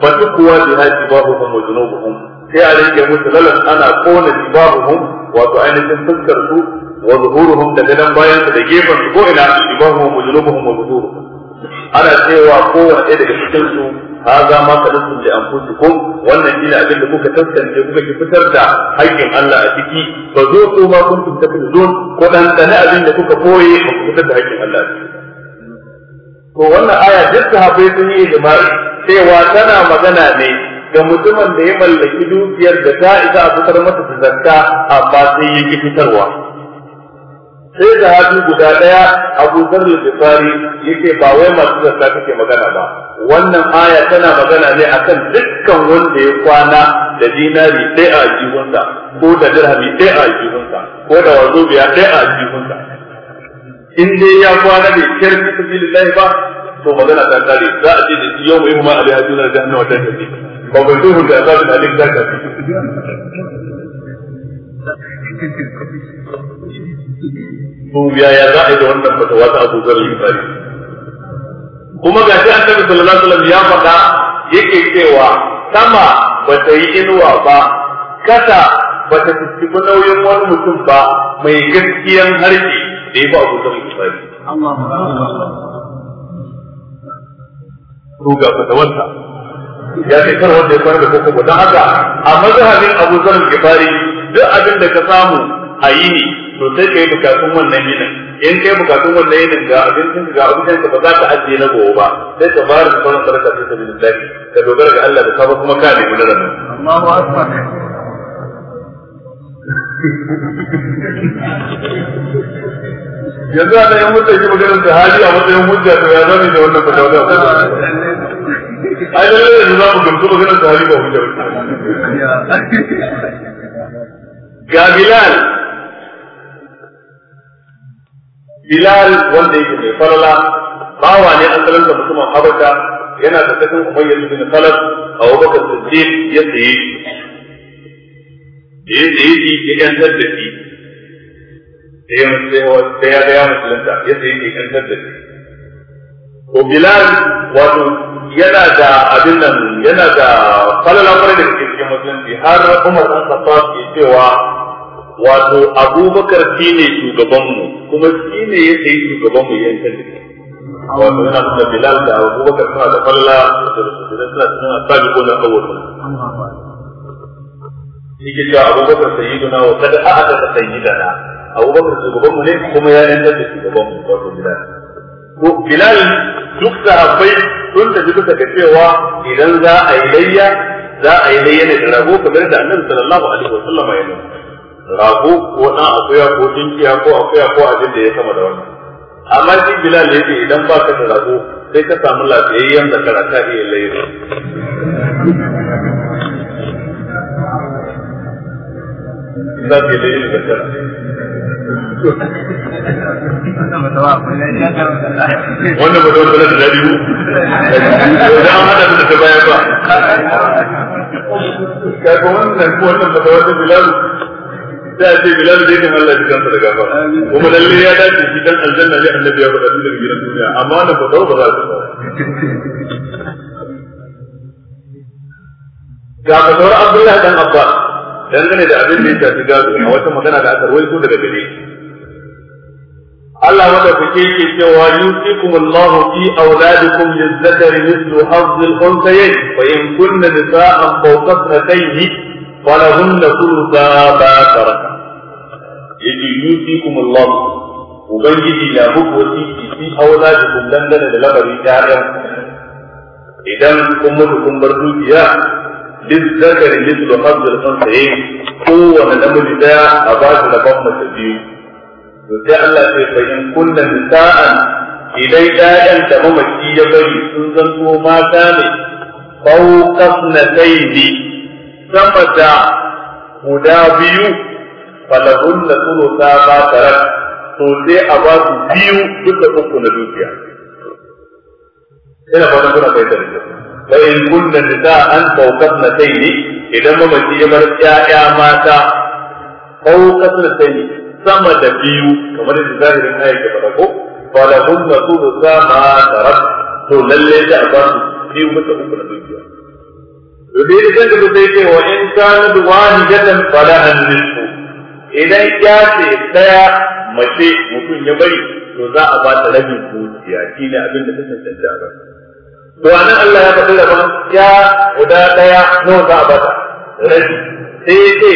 B: fa duk kuwa jihadi babu kuma junubuhum sai a rike musu lalas ana kona jibahuhum wato ainihin fuskar su wa zuhuruhum da gadan bayan su da gefen su ko ina jibahuhum wa junubuhum wa zuhuruhum ana cewa kowanne ɗaya daga cikin su haza ma kadastum li ko, wannan shine abin da kuka tantance kuka ki fitar da haƙƙin Allah a ciki ba zo ko ma kuntum takzun ko dan dana abin da kuka koye ku fitar da haƙƙin Allah a ciki to wannan aya duk haɓe sun yi ijma'i cewa tana magana ne da mutumin da ya mallaki dukiyar da ta isa a fitar masa da zakka amma sai ya ki fitarwa sai da hadu guda daya Abu Dharr al-Bukhari yake ba wai masu zakka take magana ba wannan aya tana magana ne akan dukkan wanda ya kwana da dinari ɗaya a jihunsa ko da dirhami ɗaya a jihunsa ko da biya ɗaya a jihunsa in dai ya kwana da kirki sabilillahi ba to magana ta kare za a ce da yau mai huma alaiha dunar jahannama ta tafi ba bai zo da azabin alik da ka to yaya za a yi da wannan fatawa ta Abu Zar al kuma ga shi Annabi sallallahu alaihi wasallam ya faɗa yake cewa sama ba ta yi inuwa ba kasa ba ta tsibi nauyin wani mutum ba mai gaskiyan harshe da ya ba Abu Zar al Allah Allah to ga ya ce kar wanda ya kwana da kokobo don haka a mazhabin Abu Zar Gifari duk abin da ka samu a yi ne to sai kai bukatun wannan yinin in kai bukatun wannan yinin ga abincin ga abincin ka ba za ka ajiye na gobe ba sai ka fara da sauran sadaka ta sabilillah ka dogara ga Allah da ka kuma ka ne gudu da nan Allahu akbar
A: yanzu a yin mutane magana da hali a matsayin
B: hujja to ya zama da wannan fatawa ai da yanzu za mu gamsu ba
A: ganin sahabi ba hujja ga Bilal Bilal wanda yake mai falala
B: bawa ne an talar da mutumin Habasha yana da cikin Umayyad bin Khalaf Abu Bakar Siddiq ya saye shi da ya saye shi ya yantar da shi da ya da ya musulunta ya saye ya yantar da shi to Bilal wato yana da abin nan yana da falala kwarai da suke cikin musulunci har Umar ɗan Khattab ke cewa wato Abubakar shi ne shugabanmu kuma shi ne ya sayi shugabanmu yan kan wato yana da Bilal da Abubakar suna da falala da suna suna sabi ko na kawo ke cewa abubakar sayyiduna wa kada a aka ta dana abubakar shugabanmu ne kuma ya yanka da shugabanmu wato bilal ko bilal duk da sahabbai tun da duka ga cewa idan za a yi layya za a yi layya ne da rago kamar da annabi sallallahu alaihi wa sallama ya nuna rago ko na akuya ko dinkiya ko akuya ko abin da ya sama da wannan amma shi bilal yake idan ba ka da rago sai ka samu lafiyayyen da ka iya layya za ka
A: yi layya da zakara wannan ba zama da daɗi mu da an hada da ta baya ba kaga
B: wannan ko wannan ba zama da da ce bilalu dai kan Allah jikan sa daga ba kuma lalle ya dace shi dan aljanna ne annabi ya faɗa daga gidan duniya amma na ba ba za su ba ga ba Abdullahi dan Abba dangane da abin da ya shafi gado a wata magana da aka rawaito daga gare shi Allah madaukake yake cewa yusikum Allah fi auladikum lizzakari mithlu hazzil unsayayn fa in kunna nisa'an fawqa thnatayni falahunna thulutha ma taraka yaji yusikum Allah ubangiji na muku wasiki fi auladikum dangane da labarin ƴaƴan idan kun mutu kun bar dukiya lizzakari mithlu hazzil unsayayn kowane namiji daya a ba shi da biyu to sai Allah sai fa in sa'an nisa'an idan ɗayan da mamaki ya bari sun zanto mata ne fawqas nataini sama da guda biyu falahun na tsulusa ba tare to sai a ba su biyu duka uku na dukiya ina fata kuna kai da fa in kunna nisa'an fawqas taibi idan mamaki ya bar ƴaƴa mata fawqas taibi sama da biyu kamar da zahirin ayat da farko falahum nasuhu sama tarak to lalle da ba su biyu mutu uku na dukiya to dai da zan da sai ce wa in kana wahidatan an nisfu idan ya ce daya mace mutum ya bari to za a ba ta rabin dukiya shine abin da ta tantance a bata to anan Allah ya faɗi rabon
C: ya guda daya nawa za a
B: ta rabi
C: sai ce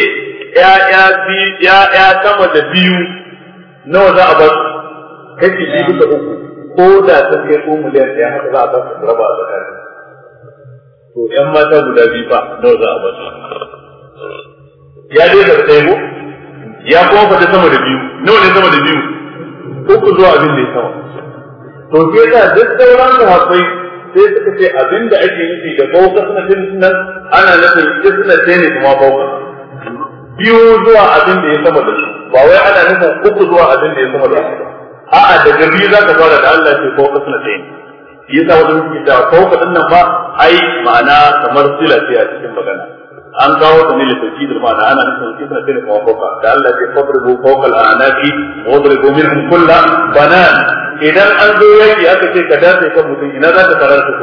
C: ya
B: sama da biyu nawa za a bar kashi biyu bisa uku ko da sun kai ko miliyan ɗaya haka za a ba su raba a tsakanin to ƴan mata guda biyu ba nawa za a bar? ya dai da yi ko ya kuma fata sama da biyu nawa ne sama da biyu uku zuwa abin da ya sama to ke ta duk sauran sahabbai sai suka ce abin da ake nufi da bauka suna nan ana nufin sai ne kuma bauka biyu zuwa abin da ya sama da su ba wai ana nufin uku zuwa abin da ya sama da su ba a'a daga biyu za ka fara da Allah ce ko kasna da yin yasa wajen suke da kauka din nan ba ai ma'ana kamar sila ce a cikin magana an kawo ta ne lafafi da ma'ana ana nufin kasna da yin kawo kauka da Allah ce kawo kaukal a anaki wadribu minhum kulla banan idan an zo yaki aka ce ka dace kan mutum ina za ka tarar su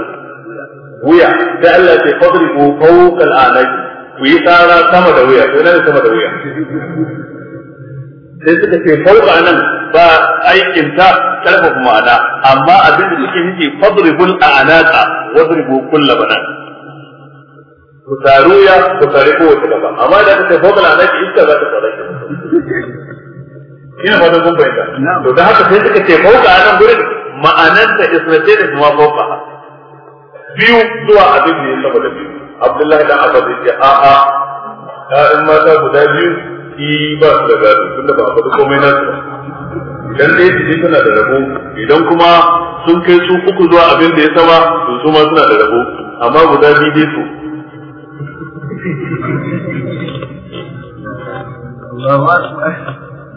B: wuya da Allah ce fabribu kawo a anaki ku yi tsara sama da wuya ko nan sama da wuya sai suka ce fauka nan ba aikin ta karfafa ma'ana amma abin da suke nufi fadribul a'naqa wadribu kull banan ku taru ya ku tare ko wata gaba amma da kace fauka nan ki iska za ta fara ki ina fatan kun bayyana to da haka sai suka ce fauka nan gurin ma'anar da isnace da kuma fauka biyu zuwa abin da ya saba da biyu abdullahi dan abbas yace a a ƴaƴan mata guda biyu ki ba su da gado tunda ba a faɗi komai na su idan dai jiki suna da rabo idan kuma sun kai su uku zuwa abin da ya sama to su ma suna da rabo amma guda biyu dai su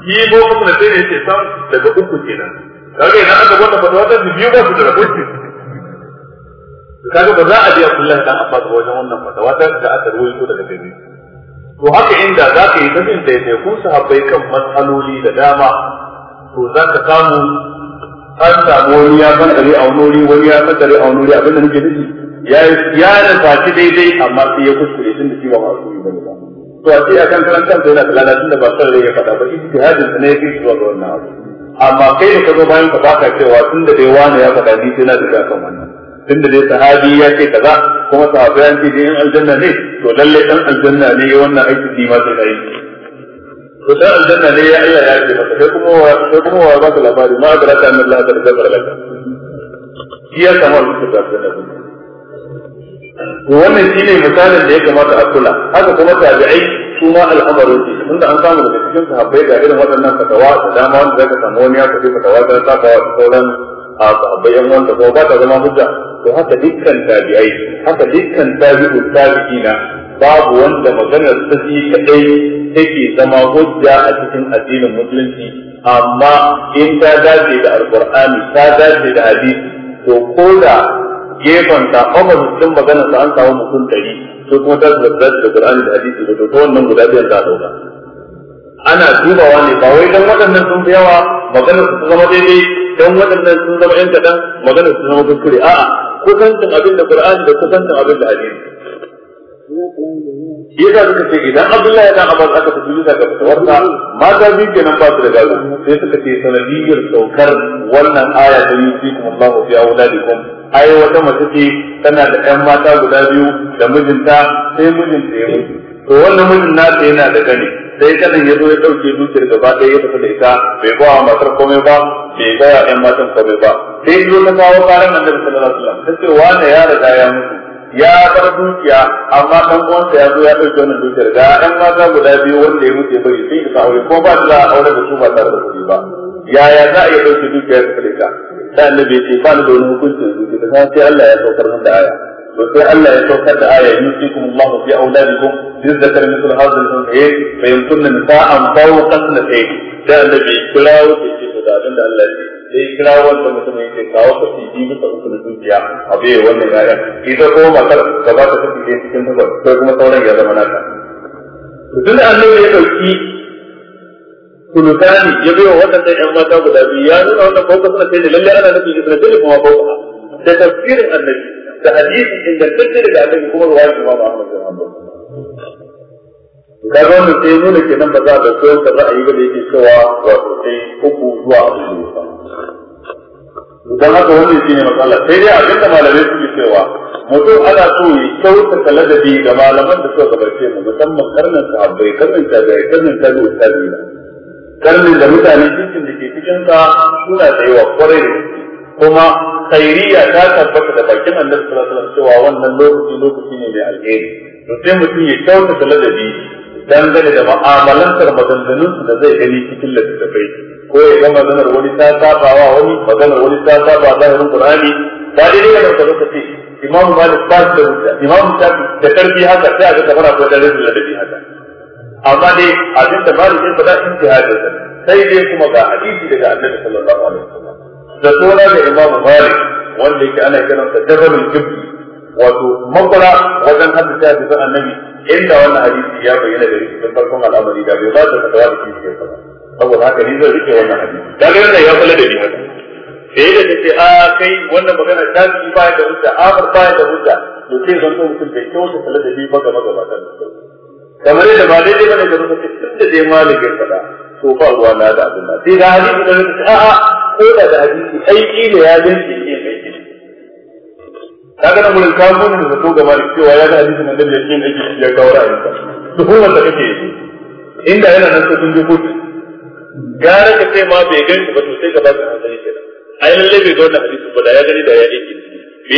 B: Ki ko kuma da sai ne ce sam daga uku kenan. Kaga idan aka gwada faɗi wata biyu ba su da rabo
A: kaga ba za a biya
B: kullum dan Abbas ba wajen wannan fata ta da aka ruwaito daga gari? to haka inda za ka yi da bin daidaikun sahabbai kan matsaloli da dama to za ka samu an samu wani ya dare a wani wani ya dare a wani abin da nake nufi ya ya nufaci daidai amma sai ya kuskure tun da shi ba masu yi ba to a ce a kan karan sai na da lalatun da ba son rai ya faɗa ba ijtihadin sa ne ya zuwa ga wannan abu amma kai da ka zo bayan ka baka cewa tun da dai wani ya faɗa ni sai na da kan wannan tunda dai sahabi ya ce kaza kuma sahabi an ce dai in aljanna ne to lalle dan aljanna ne ya wannan aiki ni ma sai dai to dan aljanna ne ya Allah ya ce sai kuma sai kuma wa baka labari ma da raka annabi Allah da zabar laka iya kamar su da aljanna wannan shine misalin da ya kamata a kula haka kuma tabi'ai su ma al'amarin su tunda an samu daga cikin sahabbai ga irin waɗannan fatawa da dama wanda zaka samu wani ya tafi fatawa ta saba wa sauran a sahabbai yan wanda ko ba ta zama hujja to haka dukkan tabi'ai haka dukkan tabi'u tabi'ina babu wanda maganar ta shi kadai take zama hujja a cikin addinin musulunci amma in ta dace da alqur'ani ta dace da hadisi to ko da gefen ta kuma mutum maganar sa an samu mutum dari to kuma ta dace da alqur'ani da hadisi to to wannan guda biyar za a ana dubawa ne ba wai dan waɗannan sun fi yawa maganar su zama daidai dan waɗannan sun zama yan kaɗan maganar su zama kuskure a'a kusancin abin da Qur'ani da kusancin abin da hadisi Yadda suka ce idan Abdullahi ya dan Abbas aka fi bisa ga fatawarsa mata biyu nan ba su da gado sai suka ce sanadiyar saukar wannan aya ta yusikum Allahu fi auladikum Ayi wata mace ce tana da ƴan mata guda biyu da mijinta sai mijinta ya mutu to wannan mijin nata yana da gani sai kanin ya zo ya dauke dukiyar gaba ɗaya ya tafi da ita bai ba matar komai ba bai ga yayan matan komai ba sai ya zo ta kawo karan da sallallahu alaihi wasallam ta ce ne ya riga ya mutu ya bar dukiya amma dan uwansa ya zo ya dauke wannan dukiyar ga ƴan mata guda biyu wanda ya mutu ya bari sai ka aure ko ba za a aure da su ba tare da kuɗi ba yaya za a yi ɗauke dukiyar ta da ita sai annabi ya ce ba ni da wani hukuncin dukiyar sai Allah ya saukar da aya to sai Allah ya saukar da aya yusikum Allahu fi auladikum lizzakar mithlu hadha al-unsayn fa yumkunna nisa'an fawqa sanatayn da annabi kirawo ke ce da abin da Allah ya sai kira wanda mutum ya ce kawo ka fi ji bisa uku da zuciya a bai wannan yaya ita ko matar ka ba ta fi ji cikin tabar ko kuma sauran ya zama naka
A: tun da annabi ya dauki
D: kulutani ya bai wa waɗannan ƴan mata guda ya nuna wannan bauta da lallai ana kuma da annabi da hadisi ingantacce daga annabi kuma ruwa shi kuma ba
B: Ahmad bin Hanbal kaga wannan sai nuna kenan ba za a dauki wanda ra'ayi ba da yake cewa wato sai uku zuwa abu uku don haka wani shi ne matsala sai dai abin da malamai suke cewa mutum ana so ya kyautata ladabi ga malaman da suka gabace mu musamman karnin sahabbai karnin tabi'ai karnin tabi'u tabi'ina karnin da mutane cikin da ke cikin ka suna da yawa kwarai da kuma khairiyya ta tabbata da bakin annabi sallallahu alaihi wasallam cewa wannan lokaci lokaci ne mai alheri to sai mutum ya kyautata ladabi gane da ma'amalantar maganganun da zai gani cikin ladabi. ko ya ga maganar wani ta saba wa wani maganar wani ta saba zahirin qur'ani ba dai daga da lokaci imam malik ba da rubuta imam shafi da karfi haka sai a ga kamar akwai da ladabi haka amma dai abin da malik ya faɗa in jihadin sai dai kuma ga hadisi daga annabi sallallahu alaihi wasallam da tsora da imamu malik wanda yake ana kiransa jabalul jibbi wato makwara wajen haddace hadisan annabi inda wannan hadisi ya bayyana da rikici tun farkon al'amari da bai ba da fatawa da kishi ya fara saboda haka ni zan rike wannan hadisi da ga yana ya kula da ni haka sai da ce a kai wannan magana ta ci ba da hujja amar ba da hujja to sai zan so mutum da kyau ta kula da ni ba gaba gaba kamar yadda ba daidai bane da mutum tun da dai malik ya fada ko ba ruwa na da abin nan sai da hadisi da nake a'a ko da da hadisi aiki ne ya yanke
A: ke
B: mai ke kaga nan mun kawo mun da to ga malik cewa ya ga hadisi nan da yake ne yake ya kawo ra'ayinsa to kuma da kake yi inda yana nan sai kun je kotu
D: gara ka sai
B: ma bai gani ba to sai ka ba ka hankali kenan ai lalle bai ga wannan hadisi ba da ya gani da ya aiki me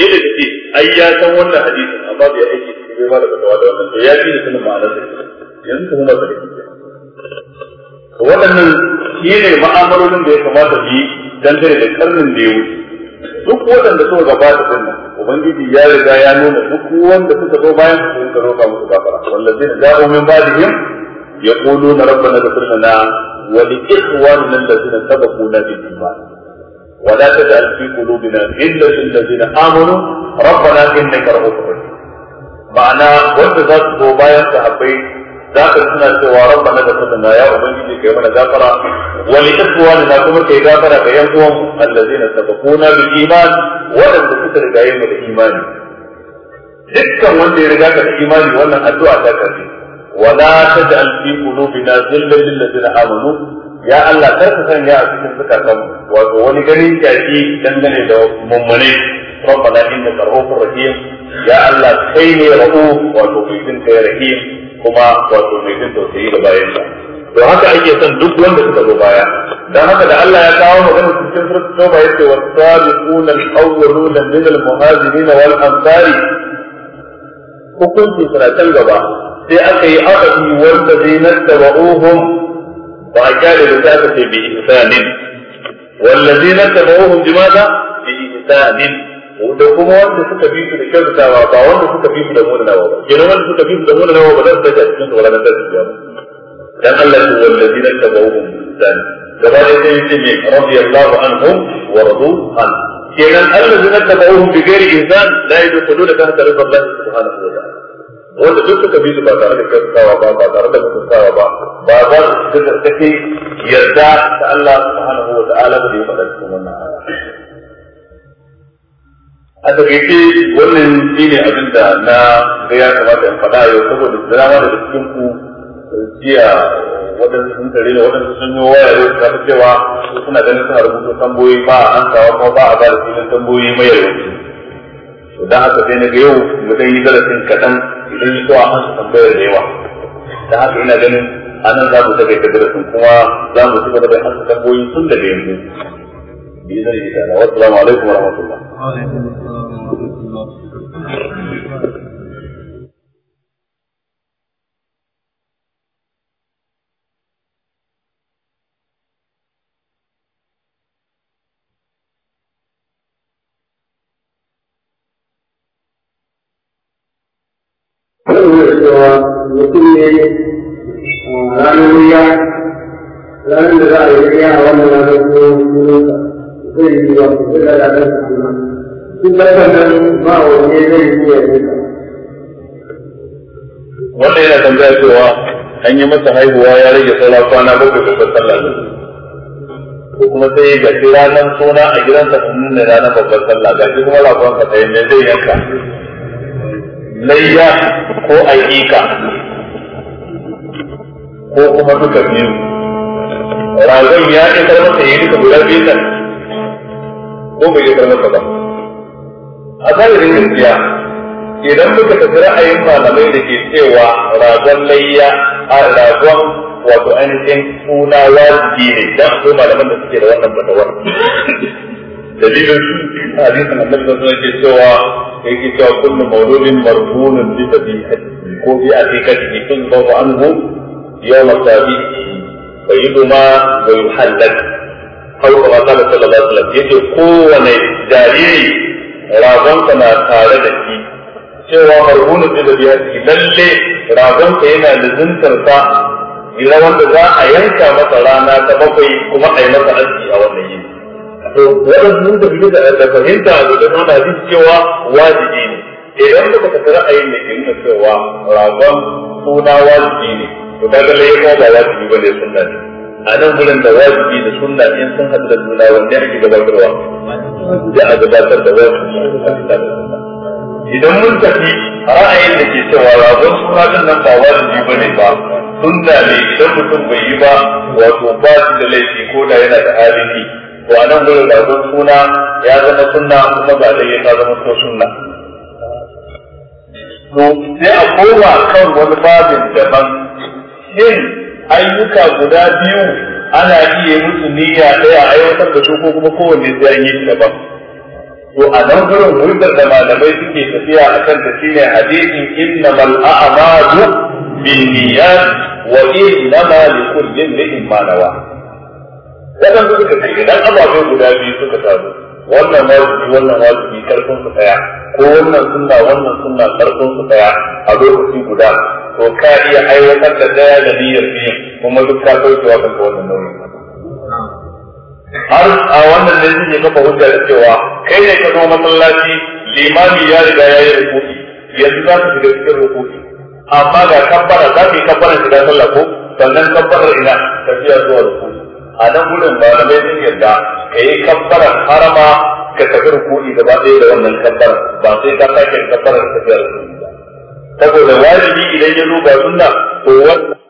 B: yake da ce ai ya san wannan hadisin amma bai aiki bai ba da fatawa da wannan to ya ji da sanin ma'anar sa yanzu kuma ba ka da waɗannan shi ne ma'amalolin da ya kamata bi dangane da karnin da ya wuce duk waɗanda suka gaba da nan ubangiji ya riga ya nuna duk wanda suka zo bayan su sun karo ka musu gafara da ja'u min ba'dihim yaquluna rabbana ighfir lana wa li ikhwanina allazina sabaquna bil iman ولا تجعل في قلوبنا إلا للذين آمنوا ربنا إنك رؤوف رحيم ma'ana wanda za su zo bayan sahabbai za ka suna cewa na da kasana ya ubangiji kai mana gafara wa li ikhwani na kuma kai gafara ga yan uwan allazina sabaquna bil iman wadanda suka rigaye mu da imani dukkan wanda ya riga ka da imani wannan addu'a ta karbi wala taj'al fi qulubina ghillan lil ladina amanu ya Allah kar ka sanya a cikin zakatan wato wani ganin kyaki dangane da mummune ربنا انك ya Allah يا الله كيني wato وتوفيق كي رحيم kuma wato mai jin tausayi da bayan sa to haka ake son duk wanda suka zo baya
C: dan haka da Allah ya kawo magana cikin suratul tauba yace wa wasabiquna
B: al-awwaluna min al-muhajirin wal ansari hukunci sura can gaba sai aka yi aqdi wal ladina tabauhum wa ba da aka ce bi ihsanin ladina tabauhum bimaza bi ihsanin da kuma wanda suka bi su da kyautatawa ba wanda suka bi su da munanawa ba kenan wanda suka bi su da munanawa ba za su a cikin su ranar tashin kiyama dan Allah ya wallazi nan mu bawu mutan gaba da sai yace me radiyallahu anhum wa radu an kenan allazi nan ka bawu bi ghairi ihsan la yadkhuluna tahta rizqillahi subhanahu wa ta'ala wanda duk suka bi su ba tare da kyautatawa ba ba tare da mutuntawa ba ba za su da take yarda da Allah subhanahu wa ta'ala da ya faɗa cikin wannan a takaice wannan shi ne abin da na ga ya kamata in faɗa yau saboda dama da cikin ku eh, jiya eh, waɗansu sun tare da waɗansu sun yi waya yau ta cewa su suna ganin suna rubuta tamboyi ba a kawo kuma ba a ba da filin tamboyi mai yawanci to dan haka sai na ga yau mu yi darasin kaɗan idan yi so a ansa tambayar da yawa dan haka ina ganin anan za mu taɓa darasin kuma za mu ci gaba da hansu tamboyi tun daga yanzu بإذن الله والسلام عليكم ورحمة الله
A: وعليكم السلام ورحمة الله mutum ne ranar wuya ranar da za a yi wuya a wannan ranar
D: kuma zai yi wa su da ranar suna su kasan nan ba wanne zai yi ya yi
B: wanda yana tambaya cewa an yi masa haihuwa ya rage saura kwana bakwai da sallah ko kuma sai ya gaci ranar suna a gidansa sannan da ranar babbar sallah ga shi kuma labarin ka tsaye mai zai yanka layya ko aƙiƙa ko kuma duka biyu ragon ya isar masa yi duka guda biyu ko bai yi masa ba a zahirin gaskiya idan muka tafi ra'ayin malamai da ke cewa ragon layya a ragon wato ainihin suna wajibi ne dan a koma da suke da wannan batawar. dalilin su hadisin annabi sallallahu suna ke cewa yake cewa kullu mawludin marhunun bi tabihati ko bi a kashi ne tun ba an anhu yawm tabi'i fa yudma wa yuhallak farko Allah da sallallahu alaihi wasallam yace kowane jariri ragonka na tare da shi cewa marhunu da da biyarki lalle ragonka yana da sa ila wanda za a yanka masa rana ta bakwai kuma a yi masa aski a wannan yini to waɗansu sun tafi da fahimta a zuwa wani hadisi cewa wajibi ne eh, idan da baka ayin da ke cewa ragon suna wajibi ne to kaga lai ba wajibi bane sunna ne a nan gurin da wajibi da sunna in sun haɗu da juna wanne ake gabatarwa da a gabatar da wajibi idan mun tafi ra'ayin da ke cewa rabon suna din nan ba wajibi ba ne ba sunna ne idan mutum bai yi ba wato ba shi da laifi ko da yana da alimi. yi to a nan gurin rabon suna ya zama sunna kuma ba da ya zama ko sunna to sai a koma kan wani babin daban shin ayyuka guda biyu ana iya musu niyya ɗaya a aiwatar da su ko kuma kowanne sai an yi shi daban to a nan gurin hujjar da malamai suke tafiya a kan ta shine hadisin innamal a'malu binniyat wa innama likulli imrin ma nawa duk da ce idan ababe guda biyu suka taru wannan wajibi wannan wajibi karfin su daya ko wannan sunna wannan sunna karfin su daya a lokaci guda to ka iya aiwatar da daya da niyyar biyu kuma duk ka kauce wa kanka wannan nauyin har a wannan ne zai kafa hujja da cewa kai ne ka zo masallaci limami ya riga ya yi rukuki yanzu za ka shiga cikin rukuki amma ga kabbara za ka yi kabbara shiga sallah ko sannan kabbara ina ka fiya zuwa rukuki a nan gudun ba da mai yadda ka yi kabbara harama ka tafi rukuki
D: gaba ɗaya da wannan kabbara ba sai ka sake kabbara tafiya rukuki saboda wajibi
A: idan ya zo ga sunna to wannan